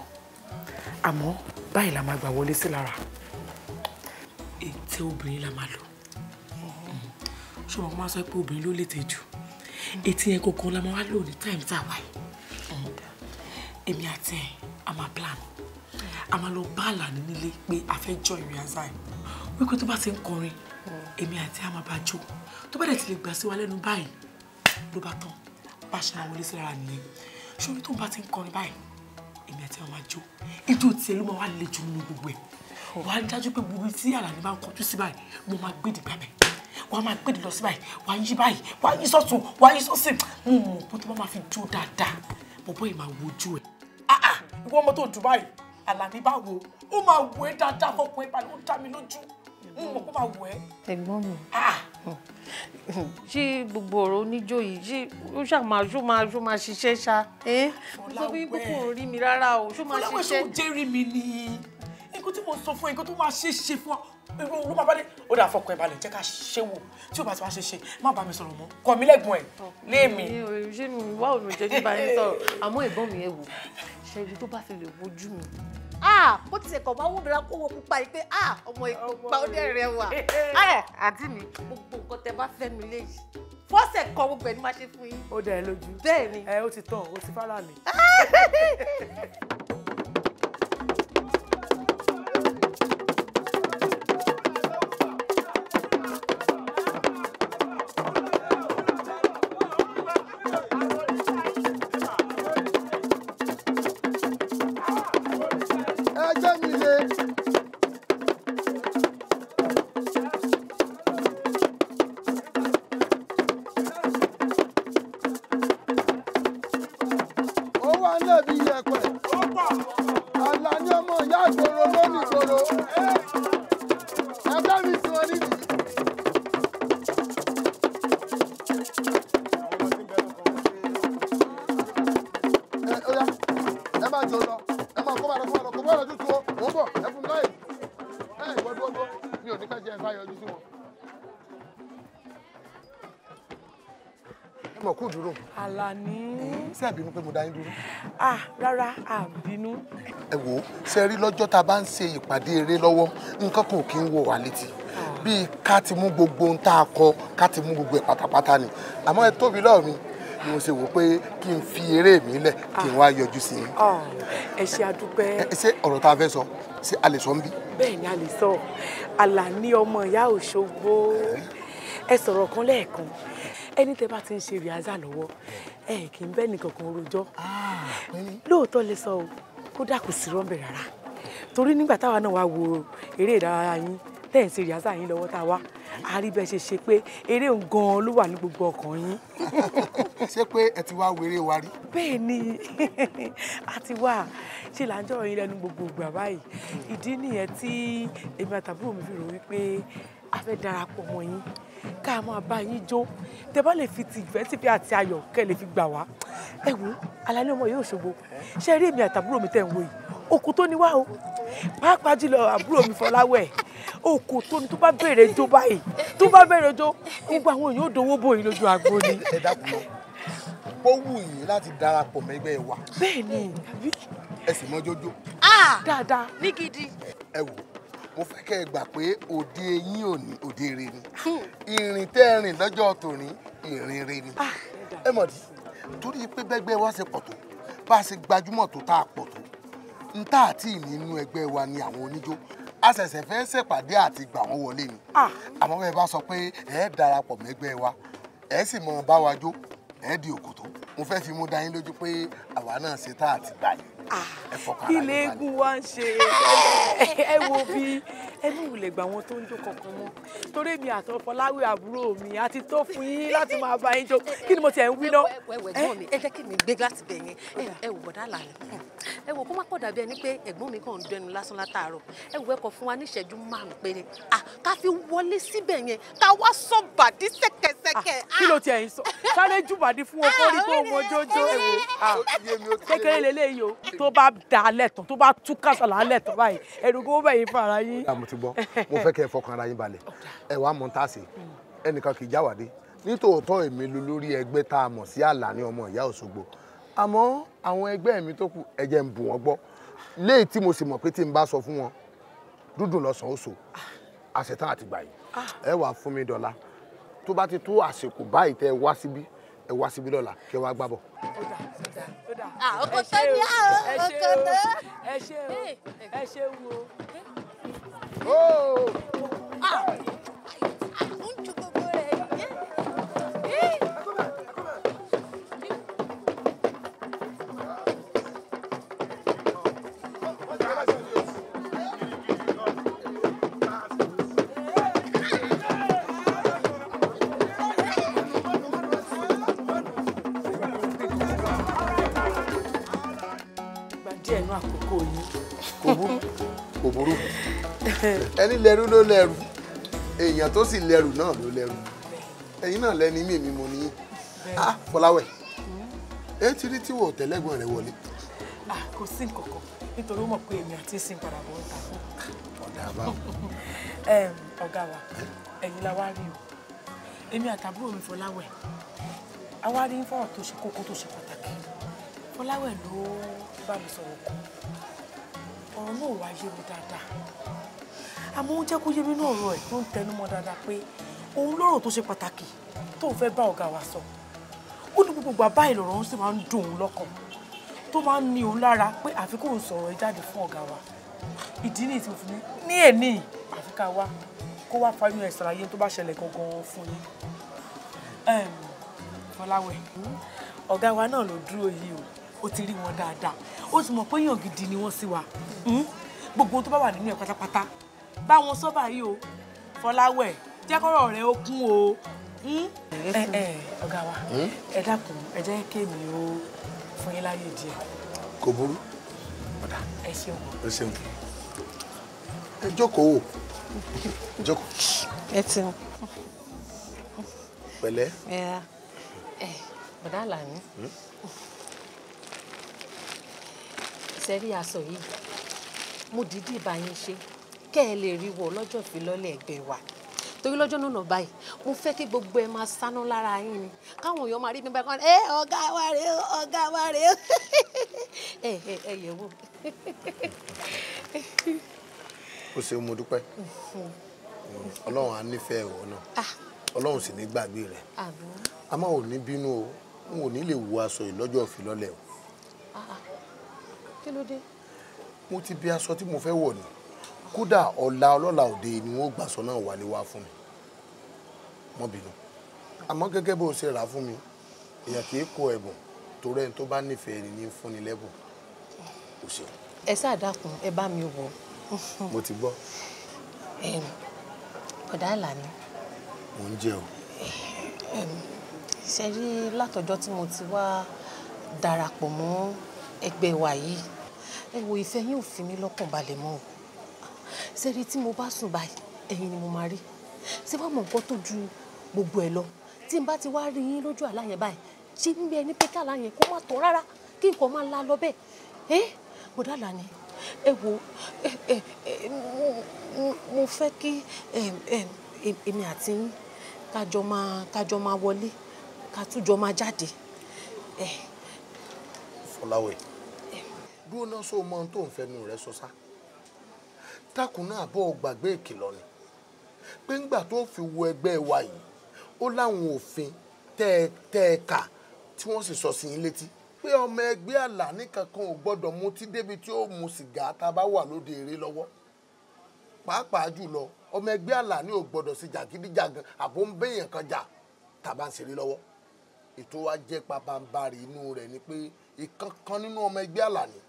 àmọ́ báyìí la máa gbà wọlé sí lára ètè obìnrin la máa lò ṣùgbọ́n mo máa sọ pé obìnrin ló lè tẹ̀ jù ètè yẹn kankan la máa wá lò ní táìmù tá a wáyé èmi àti ẹ̀ a máa plan a máa lọ bá àlàní nílé pé a fẹ́ jọ ìrìn àzá ẹ̀ wípé tó bá ti ń kọrin èmi àti a máa bá jó tó bá dẹ̀ ti lè gbà sí wa lẹ́nu báyìí ló bá tán bá ṣe máa wọlé sí lára nìyẹn ṣé orí tó ń bá ti ń kọrin báyìí èmi àti àwọn àjò ijó tiẹ̀ ló máa wá le jù nínú gbogbo ẹ̀ wà á dájú pé gbogbo tí àlàní bá ń kọjú sí báyìí mo máa gbèdì gbàgbẹ́ wà á máa gbèdì lọ sí báyìí wà á yí báyìí wà á yí sọ́tún wà á yí sọ́sìn mo mọ̀ pé tó bá máa fi jó dáadáa bọ̀bọ́ yìí máa wojú ẹ̀ ah, ah, ìwọ ọmọ tó dùn báyìí àlàní bá wo ó máa wo é dáadáa fọkùn ẹ̀ balẹ̀ ó dá mi lójú n mọ̀ kó máa wù ẹ́. ẹ̀gbọ́n mi ah! ṣé gbogbo ọ̀rọ̀ oníjó yìí ṣé ó ṣáà máa ṣó máa ṣó máa ṣiṣẹ́ ṣá. sọ fún yín kókò rí mi rárá o ṣó máa ṣiṣẹ́. ọlọ́wọ́ ṣe kò jẹ́rìí mi ni nǹkan tí mo sọ fún ẹ nǹkan tó máa ṣe ṣe fún ọ ló máa bá dé ó dà fọkàn ẹ balẹ̀ jẹ́ ká ṣe wò tí o bá ti wá ṣe ṣe má bá mi sọ̀rọ̀ mọ́ kọ́ mi lẹ́gbọ̀n ẹ̀ léèmí. ṣé mi wá òun jẹ́ bá yín sọ̀rọ̀ àmọ́ ìbọn mi ẹ wò ṣẹ́ni bó ti ṣe kàn máa wúdúrà kó wo pupa yìí pé ọmọ ìpupa ó dẹ̀ rẹwà àǹtí mi gbogbo nǹkan tẹ bá fẹ́ mi léyìí fọ́sẹ̀ kan gbogbo ẹ̀ ni máa ṣe fún yín. ó dẹ̀ lójú bẹ́ẹ̀ ni ẹ ó ti tàn ó ti fara mi. má bínú pé mo dá yín dúró. ah rárá a bínú. ẹ wo ṣe rí lọ́jọ́ tá a bá ń ṣe ìpàdé eré lọ́wọ́ nǹkan kan ò kí ń wọ̀ wá létí ah. bíi ká ti mú gbogbo ohun tá a kọ ká ti mú gbogbo ẹ̀ pátápátá ni àmọ́ ẹ tóbi lọ́ọ̀ mi ni mo ṣe wò pé kí n fi eré mi lẹ̀ kí n wá ah. yọjú sí i. Ah, ẹ ṣe àdúpẹ́. ẹ ṣe ọ̀rọ̀ tá a fẹ́ sọ ṣé a lè sọ ń bí. bẹ́ẹ̀ ni a lè sọ Àlàní ọmọ ìyá Òṣogbo ẹ sọ̀rọ̀ kan lẹ́ẹ̀kan ẹni tẹ bá ti ń ṣe rìhásà lọ́wọ́ ẹ kì í bẹ́ẹ̀ nìkankan rojọ́ ah, lóòótọ́ lè sọ o kódà kò sí rọ́ọ̀bẹ̀ rárá torí nígbà táwa náà wá wo eré ìdárayá yín tẹ̀ ń ṣe rìhásà yín lọ́wọ́ tá a wá a rí bẹ́ẹ̀ ṣe ṣe pé eré gan-an ló wà ní gbogbo ọkàn yín. ṣé pé ẹ ti wá wéré wa rí. bẹ́ẹ̀ ni a ti wá ṣe là ń jọ̀rọ̀ yín lẹ́nu gbogbo ìgbà báyìí ìdí nìyẹn tí èmi àtàbúrò mi fi rò wípé a fẹ́ darapọ̀ mọ́ yín ká máa bá yín jó tẹ bá lè fi ti ìfẹ́ tìfẹ àti ayọ̀ kẹ lè fi gbà wá ẹ wò alálẹ́ ọmọ yìí Òṣogbo ṣe eré mi àtàbúrò mi tẹ̀ ń wò yìí òkú tó ní wá o pàápàá jùlọ àbúrò mi Fọláwẹ̀ òkú tó ní tó bá bẹ̀rẹ̀ jó báyìí tó bá bẹ̀rẹ̀ jó gbogbo àwọn èèyàn ò dowó bò yín lójú agbo ni. ẹ dákun ó wù yín láti darapọ̀ mẹ́gbẹ́ wa. bẹ́ẹ̀ ni ẹ sì mọ jójó. Ah! dáadáa ní gidi. ẹ wò mo fẹ́ kẹ́ ẹ gbà pé òde eyín òní òde ire ni hmm. ìrìn tẹ́ ẹ rìn lọ́jọ́ tòní ìrìn ire ni ah, ẹ mọ̀ dí torí pé bẹ́gbẹ́ wa ṣe pọ̀ tó bá a ṣe gbajúmọ̀ tó tá a pọ̀ tó n tá àti nínú ẹgbẹ́ wa ni àwọn oníjó a ṣẹ̀ṣẹ̀ fẹ́ ṣèpàdé àti gbà wọ́n wọlé ni ah. àmọ́ bẹ́ẹ̀ bá sọ pé ẹ darapọ̀ mẹ́gbẹ́ wa ẹ sì mọ bá wa jó ẹ di òkòtó mo fẹ́ fi mú dá lójú pé àwa náà ṣe tá àti gbà yín kí lẹ́gùn wá ń ṣe ẹ wo bí ẹnu ìwùlẹ̀ gbà wọn tó ń jó kankan mọ́ torí mi àtọ́ fọláwé àbúrò mi àti tó fún yín láti máa bá yín jó kí ni mo ti ẹ̀ ń wí ná. ẹ jẹ́ kí mi gbé láti bẹ̀ yẹn ẹ wò bọ̀dá làlẹ́ ẹ wò kó má pọ̀ dàbí ẹni pé ẹ̀gbọ́n mi kàn ń dẹnu lásán látàárọ̀ ẹ wò ẹ kọ fún wa ní ìṣẹ́jú márùn-ún péré ká fi wọlé síbẹ̀ yẹn ká wá sọ bàdí sẹ́kẹsẹ́kẹ. kí ló tiẹ̀ ń sọ sáré jùbàdí fún wọn kó rí bó wọn jójó ẹ wò kékeré lélẹ́yìí o tó bá da lẹ́tàn tó bá tú kásálà lẹ́tàn báyìí ẹ̀rùgó bẹ̀ yín fara yín. mo ti gbọ́ mo fẹ́ kẹ́ ẹ fọkàn ara yín balẹ̀ ẹ wàá mọ̀ tá a ṣe ẹnìkan kì í jáwàdé nítòótọ́ èmi ló lórí ẹgbẹ́ tá a mọ̀ sí Àlàní ọmọ ìyá Òṣogbo àmọ́ àwọn ẹgbẹ́ mi tó kù ẹ jẹ́ ń bù wọ́n gbọ́ léyìí tí mo sì mọ̀ pé tí n bá sọ fún wọn dúdùn lọ́sàn-án oṣù àṣetán àtìgbà yìí ah. ẹ wàá fún mi dọ́là tó bá ti tó àsìkò báyìí tẹ́ wá síbí ẹ wá síbi lọ́la kẹ wá gbábọ̀. ọkọ tó ní àwọn ọkọ tó. ẹ ṣe o ẹ ṣe wo. ń ju gbogbo rẹ̀ yé. díẹ̀ nú àkókò yín. kò burú kò burú ẹni lẹ́rú ló lẹ́rú èèyàn tó sì lẹ́rù náà ló lẹ́rù ẹ̀yin náà lẹ́ni mí mi mo ní ah Fọláwẹ̀ hmm? ẹ ti rí tí wò tẹ́lẹ̀gbọ́n rẹ wọlé. Ah, kò sí nkankan nítorí ó mọ̀ pé èmi àti ìsìn padà bọ̀ ń ta. ọ̀dà bá ọ̀gá wa ẹ̀yin la wá rí o èmi àtàbúrò mi Fọláwẹ̀ a wá rí fọ́ọ̀rọ̀ tó ṣe kókó tó ṣe pàtàkì Fọláwẹ̀ ló bá mi sọ̀rọ̀ kan ọ̀rọ̀ náà wá yé mi dáadáa àmọ́ ó jẹ́ kó yé mi náà ọ̀rọ̀ ẹ̀ ló ń tẹnumọ́ dáadáa pé òun lọ́rọ̀ tó ṣe pàtàkì tó ń fẹ́ bá ọ̀gá wa sọ ó ní gbogbo bàbá ìlọ̀rọ̀ òun sì máa ń dùn òun lọ́kàn tó máa ń ní òun lára pé àfi kó òun sọ̀rọ̀ jáde fún ọ̀gá wa ìdí nìyí tí mo fi ní ní èní àfi kó wá fáyọ ẹ̀ sàlàyé tó bá ṣẹlẹ̀ gangan fún yín Fọláwẹ̀ ọ̀gá wa náà ló dúró yìí o ó ti rí wọn dáadáa ó ti mọ̀ pé èèyàn gidi ni wọ́n sí wa hmm? gbogbo ohun tó bá wà nínú ẹ̀ pátápátá bá wọn sọ báyìí o Fọláwẹ̀ jẹ́ kọ́rọ̀ rẹ̀ ó kún o. Hmm? ẹ ẹ ọ̀gá wa hmm? ẹ dákun ẹ jẹ́ kéèmí o fún yín láyé díẹ̀. kò burú ọ̀dà ẹ ṣeun ẹ ṣeun ẹ jókòó wò jókòó. ẹ ti hàn. pẹ̀lẹ́. ẹ ẹ bọ̀dá sẹ́rí aṣọ yìí mo dìídì bá yín ṣe kẹ́ ẹ lè rí wọ lọ́jọ́ ìfilọ́lẹ̀ ẹgbẹ́ wa torí lọ́jọ́ náà báyìí mo fẹ́ kí gbogbo ẹ máa sáná lára yín ni káwọn èèyàn máa rí mi báyìí kan ẹ ọ̀gá wa rè é ọ̀gá wa rè é ẹ ẹ ẹ yẹ̀ wò. o ṣeun mo dúpẹ́ ọlọ́run á nífẹ̀ẹ́ ìwọ náà ah. ọlọ́run sì ní gbàgbé rẹ̀ a máa ò ní bínú o n ò ní lè wo aṣọ ìlọ́jọ́ ìfilọ́lẹ̀ o. Ah, ah kí ló dé. mo ti bi aṣọ tí mo fẹ́ wọ̀ ni kódà ọ̀la ọlọ́la òde ni wọ́n gbàṣọ náà wálé wá fún mi mọ́ bínú àmọ́ gẹ́gẹ́ bó ṣe rà fún mi èèyàn kì í kó ẹ̀bùn torí ẹni tó bá nífẹ̀ẹ́ ni ní fúnni lẹ́bùn kò ṣe. ẹ sáà dákun ẹ bá mi wò. mo ti gbọ́. ọ̀dà àlàní. mò ń jẹ o. ṣe látọjọ́ tí mo ti wá darapọ̀ mọ́ ẹgbẹ́ wa yìí ẹ wo ìfẹ́ yín ò fi mí lọ́kàn balẹ̀ mọ́ o sẹ́rí tí mo bá sùn báyìí ẹ̀yin ni mo máa rí ṣé wàá mọ̀ nǹkan tó ju gbogbo ẹ̀ lọ tí n bá ti wá rí yín lójú àlá yẹn báyìí ṣé níbi ẹni pé kàlá yẹn kó má tọ́ rárá kí nǹkan má la lọ bẹ́ẹ̀ ẹ́ mo dàlà ni ẹ wo mo fẹ́ kí èmi àti yín kájọ máa kájọ máa wọlé ká máa jáde. Fọláwẹ̀ dúró náà sóò mọ ohun tó ń fẹnu rẹ sọ sá dákun náà bọ́ ọ gbàgbé ìkìlọ̀ ni pé ńgbà tó fi wo ẹgbẹ́ wa yìí ó láwọn òfin tẹ́ ẹ tẹ́ ẹ kà tí wọ́n sì sọ sí yín létí pé ọmọ ẹgbẹ́ àlàní kankan ò gbọ́dọ̀ mutí débi tí ó mu sìgá tá a bá wà lóde eré lọ́wọ́ pàápàá jùlọ ọmọ ẹgbẹ́ àlàní ò gbọ́dọ̀ sí jàgídíjàgan àbó ń bẹ̀yàn kan jà tàbá ń ṣeré lọ́wọ́ ètò wa jẹ́ pabambarì inú rẹ̀ ni pé ìkankan nínú ọmọ ẹgbẹ́ àlàní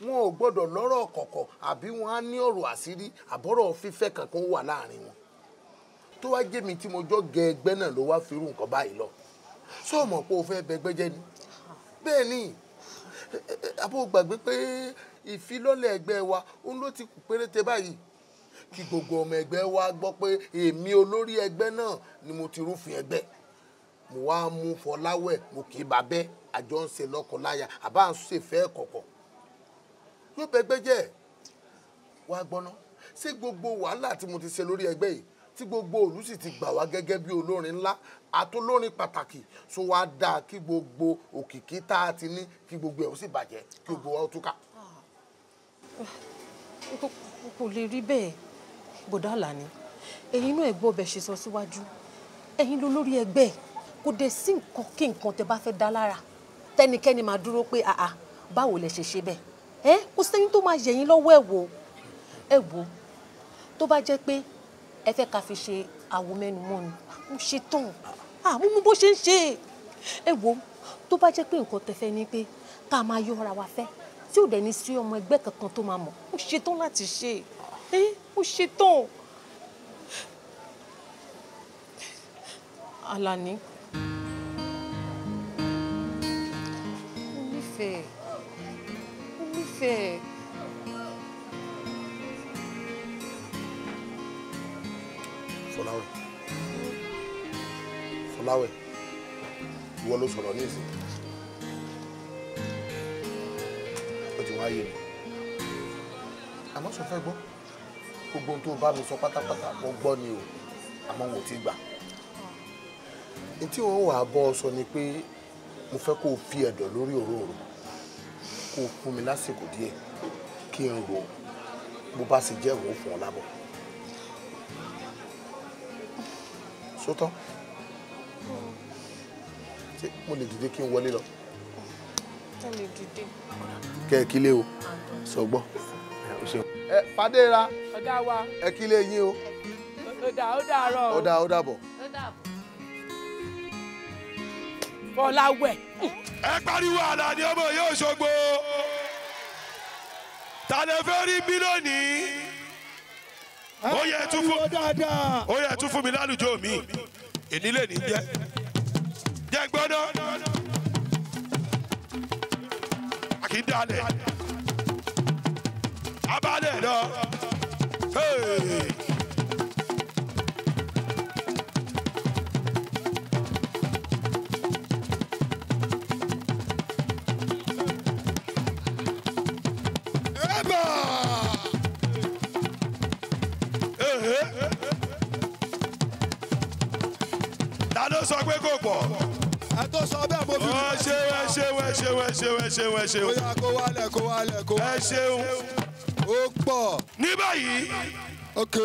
wọn ò gbọ́dọ̀ lọ́rọ̀ kọ̀kọ̀ àbí wọn á ní ọ̀rọ̀ àṣírí àbọ̀rọ̀ fífẹ́ kankan wà láàrin wọn tó wá jẹ́ mi tí mo jọ gẹ ẹgbẹ́ náà ló wá fi irú nǹkan báyìí lọ ṣé o mọ̀ pé o fẹ́ bẹgbẹ́ jẹ́ ni bẹ́ẹ̀ ni àbó gbàgbé pé ìfilọ́lẹ̀ ẹgbẹ́ wa òun ló ti kù péréte báyìí kí gbogbo ọmọ ẹgbẹ́ wa gbọ́ pé èmi olórí ẹgbẹ́ náà ni mo ti rúfin ẹgbẹ́ mo wá mú Fọláwẹ̀ mo kì í bàbẹ́ àjọ ń ṣe lọ́kọláya àbá ń ṣèfẹ́ kọ̀kọ̀ ló bẹ ẹgbẹ́ jẹ́ wá gbọ́ná ṣé gbogbo wàhálà tí mo ti ṣe lórí ẹgbẹ́ yìí tí gbogbo òlú sì ti gbà wá gẹ́gẹ́ bí olórin ńlá àtolórin pàtàkì tó wá dáa kí gbogbo òkìkí tá a ti ní kí gbogbo ẹ̀ ó sì bàjẹ́ kí gbogbo wa ó túká. kò lè rí bẹ́ẹ̀ bọ̀dá Àlàní ẹ̀yin náà ẹ̀gbọ́n ọbẹ̀ ṣe sọ síwájú ẹ̀yin ló lórí ẹgbẹ́ kò dé sí nǹkan kí nǹkan tẹ bá fẹ́ dá lára tẹnikẹ́ni máa dúró pé báwo lẹ ṣe ṣe bẹ́ẹ̀ ẹ kò sẹ́ni tó máa yẹ̀yìn lọ́wọ́ ẹ̀ wò ẹ̀ wò tó bá jẹ́ pé ẹ fẹ́ ká fi ṣe àwo mẹ́nu mọ́ ni mo ṣe tán àmú mú bó ṣe ń ṣe ẹ wò tó bá jẹ́ pé nǹkan tẹ́ fẹ́ ni pé ká máa yọ ara wa fẹ́ tí ò dẹ̀ ní sí ọmọ ẹgbẹ́ kankan tó máa mọ̀ mo ṣe tán láti ṣe ẹ mo ṣe tán. Alani. Ó nífẹ̀ẹ́. Fê? Fọláwẹ̀. Fọláwẹ̀. Ìwọ ló sọ̀rọ̀ ní ìsìn. Ó ti wá Gbogbo sọ pátápátá ni ti gbà. ni pé mo fẹ́ fi ẹ̀dọ̀ lórí kó o fún mi lásìkò díẹ̀ kí n rò bó bá sì jẹ́ òun fún ọ lábọ̀ sótọ́ ṣé mo lè dìde kí n wọlé lọ. ṣé lè dìde. kẹ́ ẹ kílé o sọ gbọ́ ẹ fàdéra ọ̀dà wa ẹ kílé yín o. ó dà ó dàárọ̀ o. ó dà ó dàbọ̀. fọláwẹ. ẹ pariwo Àlàní ọmọ yóò ṣogbo tàlẹ́ fẹ́ rí mílíọ̀nì ó yẹ tún fún ó yẹ tún fún mi lálùjọ mi èmi lè ní jẹ jẹ gbọ́dọ̀ àkíndalẹ̀ abalẹ̀ lọ. Hey! ṣeun ẹ ṣeun ẹ ṣeun. bóyá kó wálẹ̀ kó wálẹ̀ kó wálẹ̀. ẹ ṣeun. ó pọ̀. ní báyìí. ok.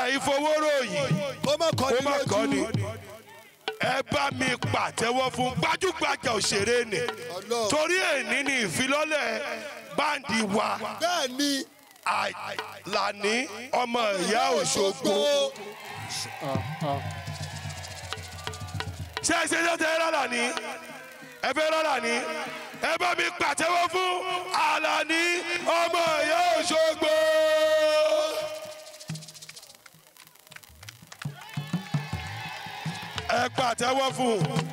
àìfowóró yìí. ó má kọ́ ni lójú. ẹ bá mi pàtẹ́wọ́ fún gbajúgbajà òṣèré ni torí èní ni ìfilọ́lẹ̀ báǹdì wa. bẹ́ẹ̀ ni. Àlàní ọmọ ìyá Òṣogbo ah, ah. ṣe ṣe ṣe ṣe rárá ni ẹ fẹ́ rárá ni ẹ bá mi pàtẹ́wọ́ fún alani ọmọ ìyá Òṣogbo. ẹ pàtẹ́wọ́ fún un.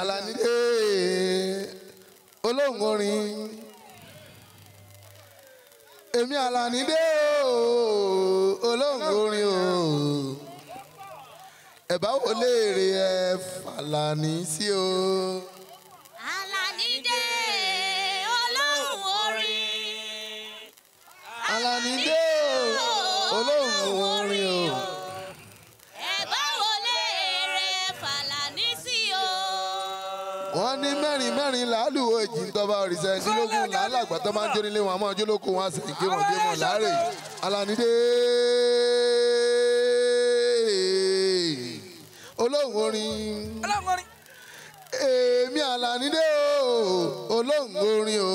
Àlàní olóhùn orin èmi Àlàní dé olóhùn orin o ẹ̀bá wo léèrè ẹ̀ falani sí o. tó máa ń jó nílé wọn àmọ́ ọjọ́ lóko wọn àṣẹ ìgé wọn gé wọn láàrè Alanide olóhùn orin èmi Alanide olóhùn orin o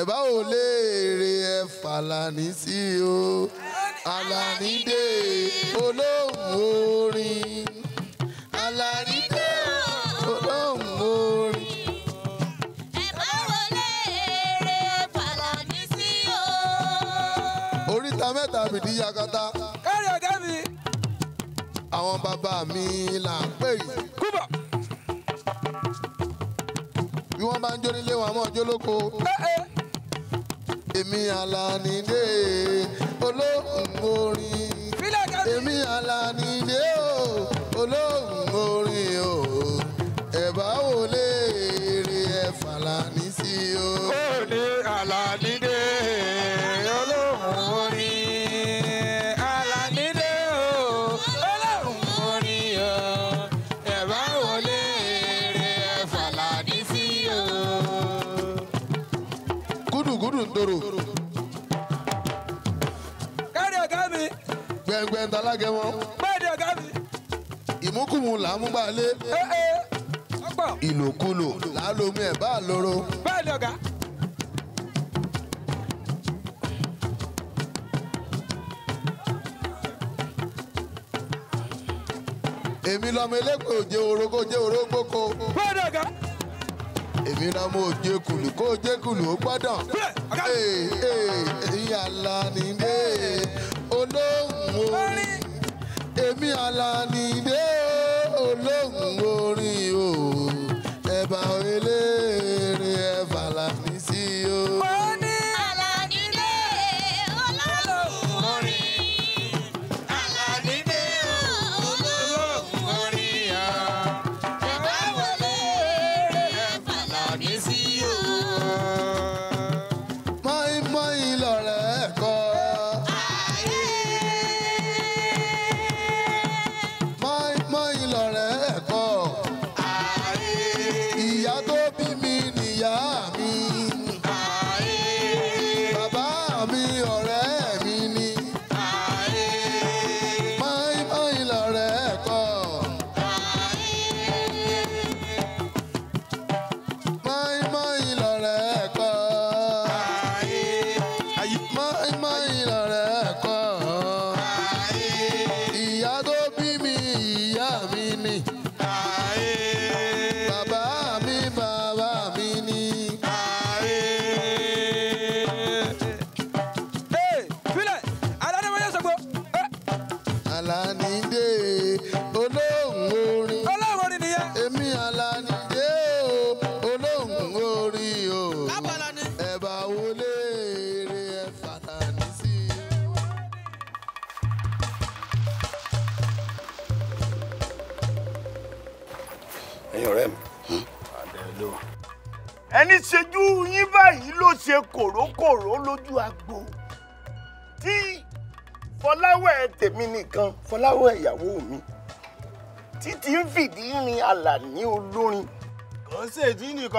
ẹ̀bá ò léèrè ẹ̀ fàlàní sí o Alanide olóhùn orin. lábìdí yakata. kárí ọ̀gá mi. àwọn bàbá mi là ń pè yìí. kúbọ̀. bí wọ́n bá ń jó nílé wọn àmọ́ ọjọ́ lóko. èmi àlàníde olóhùn orin. èmi àlàníde o. alágẹ̀ ń ta alágẹ̀ wọn. bẹ́ẹ̀ni ọ̀gá mi. ìmúkùmù là ń gbà lé. ìlòkulò là ń lomi ẹ̀ bá lóró. bẹ́ẹ̀ni ọ̀gá. èmi lọmọ elépo òjé ko. bẹ́ẹ̀ni ọ̀gá. èmi lọmọ ee ee ìyá ni orin èmi Àlàní dé olóhùn orin o ẹ̀bà eléré.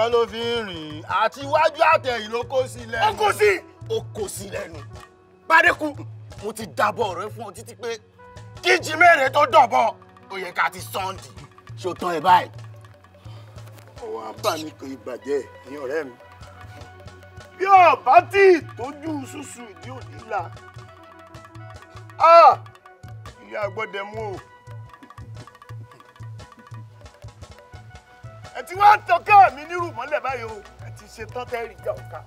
kọ́ ló fi ń rìn àti iwájú àtẹ̀yìn ló kó sí lẹ́nu. ó kó sí. ó kó sí lẹ́nu. Gbádékù mo ti dábọ̀ rẹ fún ọ títí pé kíjì mẹ́rin tó dọ̀bọ̀ ó yẹ ká ti sọ́ǹdì ṣó tán ẹ báyìí. ọwọ́ abánikọ ìbàjẹ́ ní ọ̀rẹ́ mi bí ọba tí ìtọ́jú ṣùṣù ìdí òdìlà ah! ìyá gbọ́dẹ̀ mú o. ti wá ń tọ́kẹ́ mi nírú mọ́lẹ̀ báyìí o ẹ ti ṣe tán tẹ́rì ìjà ọ̀ka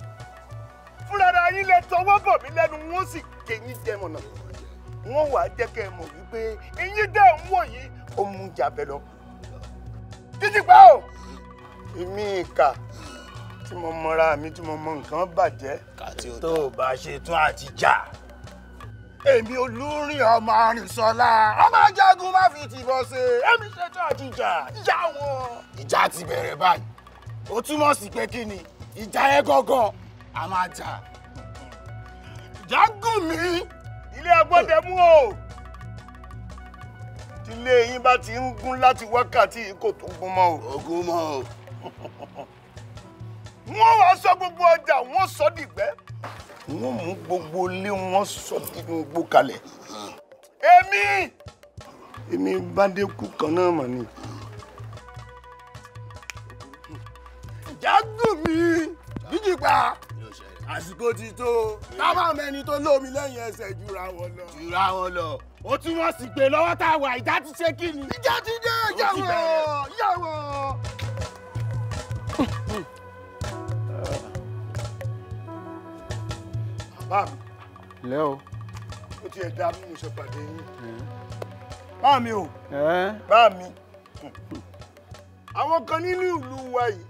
fúnra yín lẹ tọwọ́ bọ̀ mí lẹ́nu wọ́n sì gé yín jẹmọ̀nà wọ́n wà á jẹ́ kẹ́ ẹ mọ̀ wípé eyín dẹ́ ń wọ̀ yìí ó mú jàbẹ́ lọ. títí pa o èmi ìkà tí mo mọra mi tí mo mọ nǹkan bàjẹ́ tó o bá ṣe tún àti jà èmi olórin ọmọ arìnsọlá ọmọ ajagun má fi tìbọn ṣe èmi ṣètò àjíjà ìjà wọn. ìjà ti bẹ̀rẹ̀ báyìí ó túmọ̀ sí pé kí ni ìjà yẹn gọ́gọ́ a máa jà. ìjà gùn mí ilé agbọ́dẹ mú o ilé yín bá ti ń gún láti wákàtí kò tó gún mọ́ o. ogun mọ́ o. wọ́n wá sọ gbogbo ọjà wọ́n sọ dìgbẹ́ wọ́n mú gbogbo ilé wọn sọ nínú igbó kalẹ̀. èmi èmi bádékù kan náà mà ni. jágùn mi jíjìpá àsìkò ti tó tábà mẹni tó lómi lẹ́yìn ẹsẹ̀ jura wọn lọ. jura wọn lọ ó túmọ̀ sí pé lọ́wọ́ tá a wà ìjà ti ṣe kí ni. ìjà ti dé yàwọ̀ yàwọ̀. bá mi. lẹ́ o. ó ti ẹ̀ dá mímú ṣe pàdé yín. bá mi o. bá mi. àwọn kan nínú ìlú wa yìí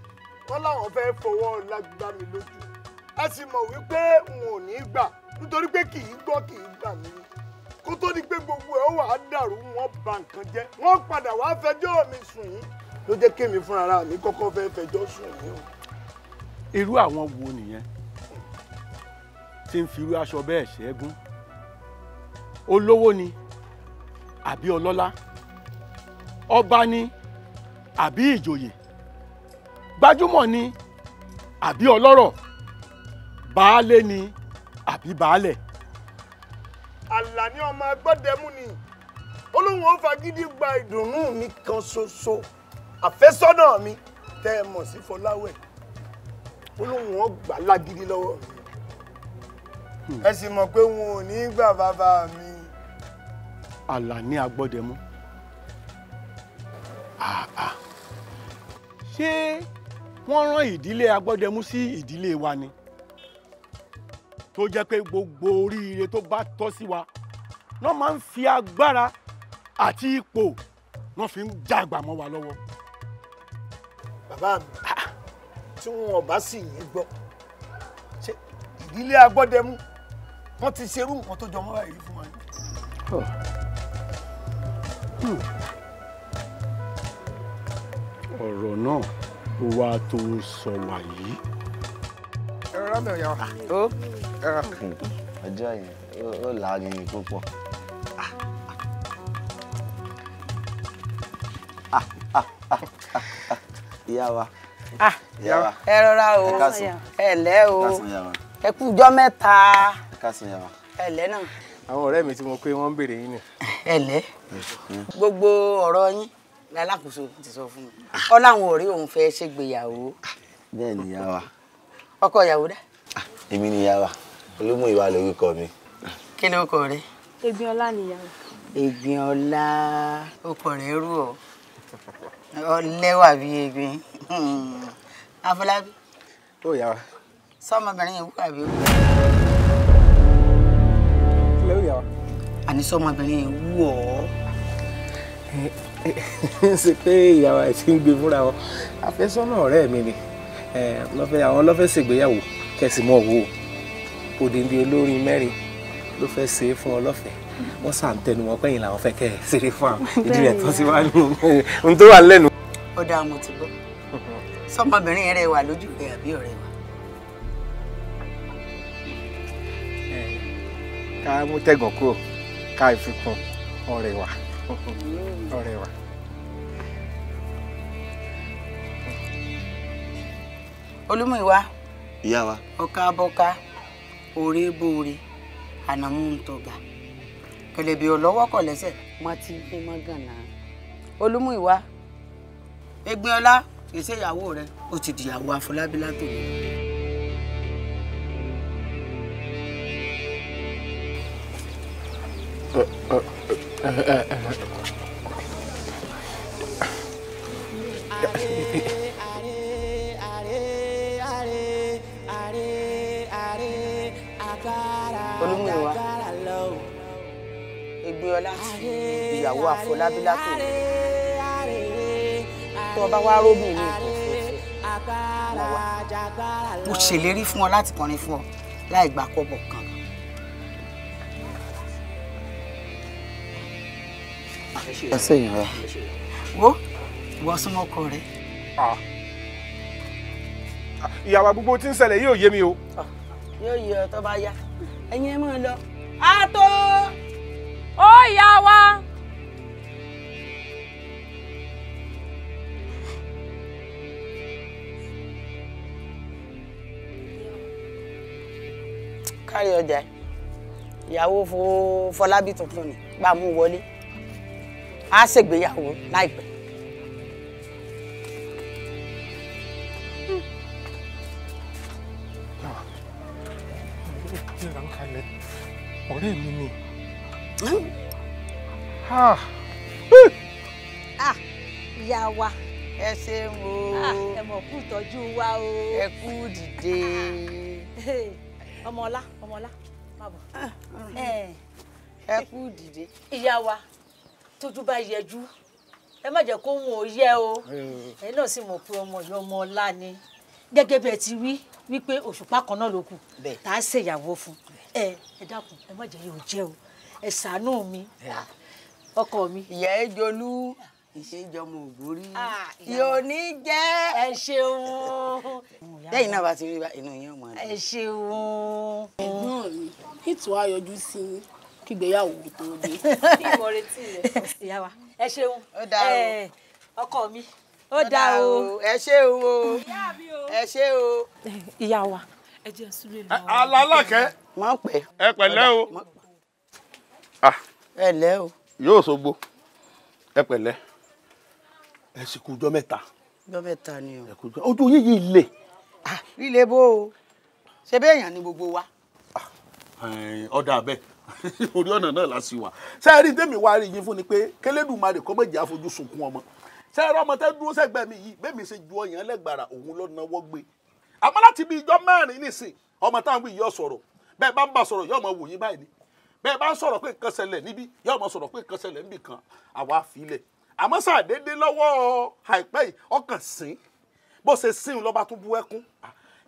wọ́n láwọn fẹ́ fọwọ́ lágbá mi lójú a sì mọ̀ wípé wọn ò ní gbà nítorí pé kì í gbọ́ kì í gbà mí kó tó di pé gbogbo ẹ̀ ó wàá dàrú wọn bà nǹkan jẹ́ wọ́n padà wàá fẹjọ́ mi sùn yín ló jẹ́ kémi fúnra mi kọ́kọ́ fẹ́ fẹjọ́ sùn yín o. irú àwọn wo nìyẹn tí ń fi irú aṣọ bẹ́ẹ̀ ṣẹ́gun olówó ni àbí ọlọ́lá ọba ni àbí ìjòyè gbajúmọ̀ ni àbí ọlọ́rọ̀ baálé ni àbí baálẹ̀. Àlàní ọmọ agbọ́dẹ̀mú ni olóhùn ó fagídí gba ìdùnnú mi kan ṣoṣo àfẹ́sọ́nà mi tẹ́ ẹ mọ̀ sí Fọláwẹ̀ olóhùn ó gbà lágídí lọ́wọ́ mi ẹ sì mọ̀ pé wọn ò ní gbà bàbá mi. Àlàní Agbọ́dẹmú. Ah, ah. ṣé wọ́n rán ìdílé Agbọ́dẹmú sí ìdílé wa ni tó jẹ́ pé gbogbo oríire tó bá tọ́ sí wa náà máa ń fi agbára àti ipò náà fi ń jàgbà mọ́ wa lọ́wọ́. bàbá mi ah. tí wọn ò bá sì yín gbọ́ ṣé ìdílé Agbọ́dẹmú wọ́n ti ṣerú nǹkan tó jọmọ́ báyìí fún wa. Hm. ọ̀rọ̀ náà ó wá tó sọ wàyí. ẹ̀rọ rámẹ̀ ọ̀yà wa. Ah. ó ẹ̀rọ. ọjọ́ yẹn ó láàrin púpọ̀. Ah, ah, ìyá wa. ìyá wa. ẹ rọra o ẹ lẹ́ o ẹ kú ọjọ́ mẹ́ta. ẹlẹ́ náà. àwọn ọ̀rẹ́ mi tí mo pé wọ́n ń béèrè yín ni. ẹlẹ́ mm-hmm. gbogbo ọ̀rọ̀ yín lalákòóso ti sọ fún mi ọ láwọn ọ̀rẹ́ òun fẹ́ ṣègbéyàwó. bẹ́ẹ̀ ni ìyá wa. ọkọ ìyàwó dá. Ah, èmi ni ìyá wa olómù ìwà lórúkọ mi. kí ni ọkọ rẹ. Ẹ̀gbìnọlá ni ìyá wa. Ẹ̀gbìnọlá ọkọ rẹ rú ọ ọ lẹ́wà bíi Ẹ̀gbin hmm. Afọlábí. ó yà wá sọmọbìnrin yẹn wú àbí wú. kílẹ̀ ó yà wá. àní sọmọbìnrin yẹn wú ọ́. ń ṣe pé ìyàwó ẹ̀ ti ń gbé fúnra wọn àfẹ́sọ́nà ọ̀rẹ́ mi ni àwọn lọ́fẹ́ ṣègbéyàwó kẹsì mọ́ owó òdìndí olórin mẹ́rin ló fẹ́ ṣe é fún ọ lọ́fẹ̀ẹ́ wọ́n sà ń tẹnu wọn pẹ́yìn làwọn fẹ́ kẹ́ ẹ ṣeré fún àwọn ìdí rẹ̀ tó ti wá nù ohun tó wà lẹ́nu. ó dáa mo ti gbọ́ sọmọbìnrin wà lójú rẹ àbí ọ̀rẹ́ wa. ká mú tẹ̀gàn kúrò ká ìfikún ọ̀rẹ́ wa ọ̀rẹ́ wa. olúmọ̀wá ìyá wa ọ̀ka abọ́ka òré bòrè ànàmú ntọ́gà kẹlẹ̀bí ọlọ́wọ́ kọ̀ lẹ́sẹ̀ má ti gbé má gànà olúmọ̀wá Ẹgbẹ́ọlá kì í ṣe ìyàwó rẹ ó ti dìyàwó Afọlábí látòun. olùmúwa Ẹgbẹ́ọlá ti ìyàwó Àfọlábí látò tó bá wá róbìn mi kò fẹ́ fẹ́ mo ṣèlérí fún ọ láti kọrin fún ọ láì gbà kọ́bọ̀ kan. ẹ ṣe yìí rẹ. wo wọ súnmọ́ ọkọ rẹ. ìyàwó gbogbo tí ń ṣẹlẹ̀ yóò yé mi o. yóò yẹ ọ tó bá yá ẹ̀yin ẹ máa lọ. a tó ó yá wa. kárí ọjà ìyàwó fọlábí tuntun ni bá a mú wọlé á ṣègbéyàwó láìpẹ́. ọ̀rẹ́ mi ni. Hmm. Ah, ìyá wa ẹ ṣeun o ah, ẹ mọ̀ kú ìtọ́jú wa o ẹ kú dìde. Ah, ọmọọlá ọmọọlá má bọ̀ eh. ẹ kú dìde. ìyá wa tójú bá yẹjú ẹ má jẹ́ kó wọn ò yẹ o eh. ẹ̀yin náà sì mọ̀ pé ọmọ ìyá ọmọ ọlá ni gẹ́gẹ́ bí ẹ ti wí wípé òṣùpá kan náà ló kù tá a ṣèyàwó fún ẹ ẹ dákun ẹ má jẹ́ yóò jẹ́ o ẹ ṣàánú mi eh. ọkọ mi. ìyá ẹ jolú ìṣèjọmọ ògbórí ah, yóò ní jẹ. ẹ ṣeun. lẹ́yìn náà bá ti rí inú yín ọmọ ẹ ṣeun. ẹ̀gbọ́n mi ètò ayọ̀jú sí i kígbéyàwó tó dé. bí mo retí rẹ̀ ìyá wa ẹ ṣeun eh, ọkọ mi ó dá o ẹ ṣe o ẹ ṣe o. ìyá wa ẹ jẹ́ súlẹ̀ lọ́wọ́. alálàkẹ́. má pẹ́. ẹ pẹ̀lẹ́ o. Ah. ẹ lẹ́ o. yóò ṣogbo ẹ pẹ̀lẹ́ ẹ sì kú ọjọ́ mẹ́ta. ọjọ́ mẹ́ta ni o. ojú yín yìí lè. ilé ah, bó o ṣe bẹ́ẹ̀ yàn ni gbogbo wa. Ah, ọ̀dà bẹ́ẹ̀ orí ọ̀nà náà la sì wà sẹ́ẹ̀rì tèmi wá rí yín fún ni pé kẹlẹ́dùmarè kọ́ méjì àfojú sunkún ọmọ sẹ́ẹ̀rì ọmọ tẹ́ dúró sẹ́gbẹ́ mi yìí bẹ́ẹ̀ mi ṣe ju ọyàn ẹlẹ́gbàrà òun ló náwó gbé àmọ́ láti bí ijọ́ mẹ́rin nísìn ọmọ táwọn wí yọ sọ̀rọ̀ bẹ́ẹ̀ bá ń bá sọ̀rọ̀ yóò wò yín báyìí ni bẹ́ẹ̀ bá ń sọ̀rọ̀ pé nǹkan ṣẹlẹ̀ níbí yóò mọ sọ̀rọ̀ pé nǹkan ṣẹlẹ̀ níbì kan àwa àfilẹ̀ àmọ́ sàdédé lọ́wọ́ àìpẹ́ yìí ọkàn sín bó ṣe sín lọ́ba tó bu ẹkún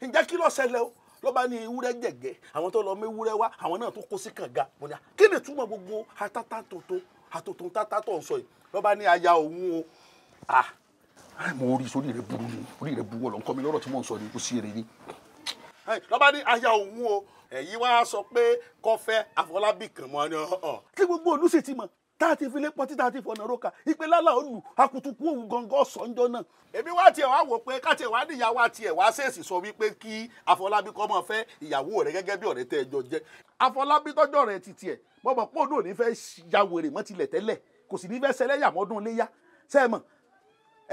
ǹjẹ́ kí ló ṣẹlẹ̀ o ló bá ní ewúrẹ́ jẹ̀gẹ́ àwọn tó lọ mú ewúrẹ́ wá àwọn náà tó kó sí kànga mo ní kí ni túmọ̀ gbogbo atátá tòótó àtòtò tátá tó ń sọ yìí ló bá ní aya òun o ah, ah mo rí sórí rẹ burú ni orí rẹ burú ọlọ́nkọ́ mi lọ́rọ̀ tí mò ń sọ ni kò sí èrè ni ló bá ní aya òun o ẹ̀yin wá sọ pé kọ́fẹ́ Àfọlábí kan mọ́ ni ọ̀hún kí gbogbo olùsètì mọ̀ tá a ti fi lé pọtí tá a roka ìpè lálà ó lù akutuku òwú gangan sọ̀njọ́ náà. èmi wá tiẹ̀ wá wò pé káti ẹ̀ wá ní ìyàwó àti ẹ̀ wá ṣèèsì sọ wípé kí Àfọlábí kọ́ máa fẹ́ ìyàwó rẹ̀ gẹ́gẹ́ bí ọ̀rẹ́ tẹ́ ẹ jọ jẹ́ Àfọlábí tọ́jọ́ rẹ̀ ti tiẹ̀ bọ́bọ̀ pé òun ò ní fẹ́ ya wèrè mọ́ tilẹ̀ tẹ́lẹ̀ kò sì ní fẹ́ ṣẹlẹ́yà mọ́dún léyà sẹ́ẹ̀mọ̀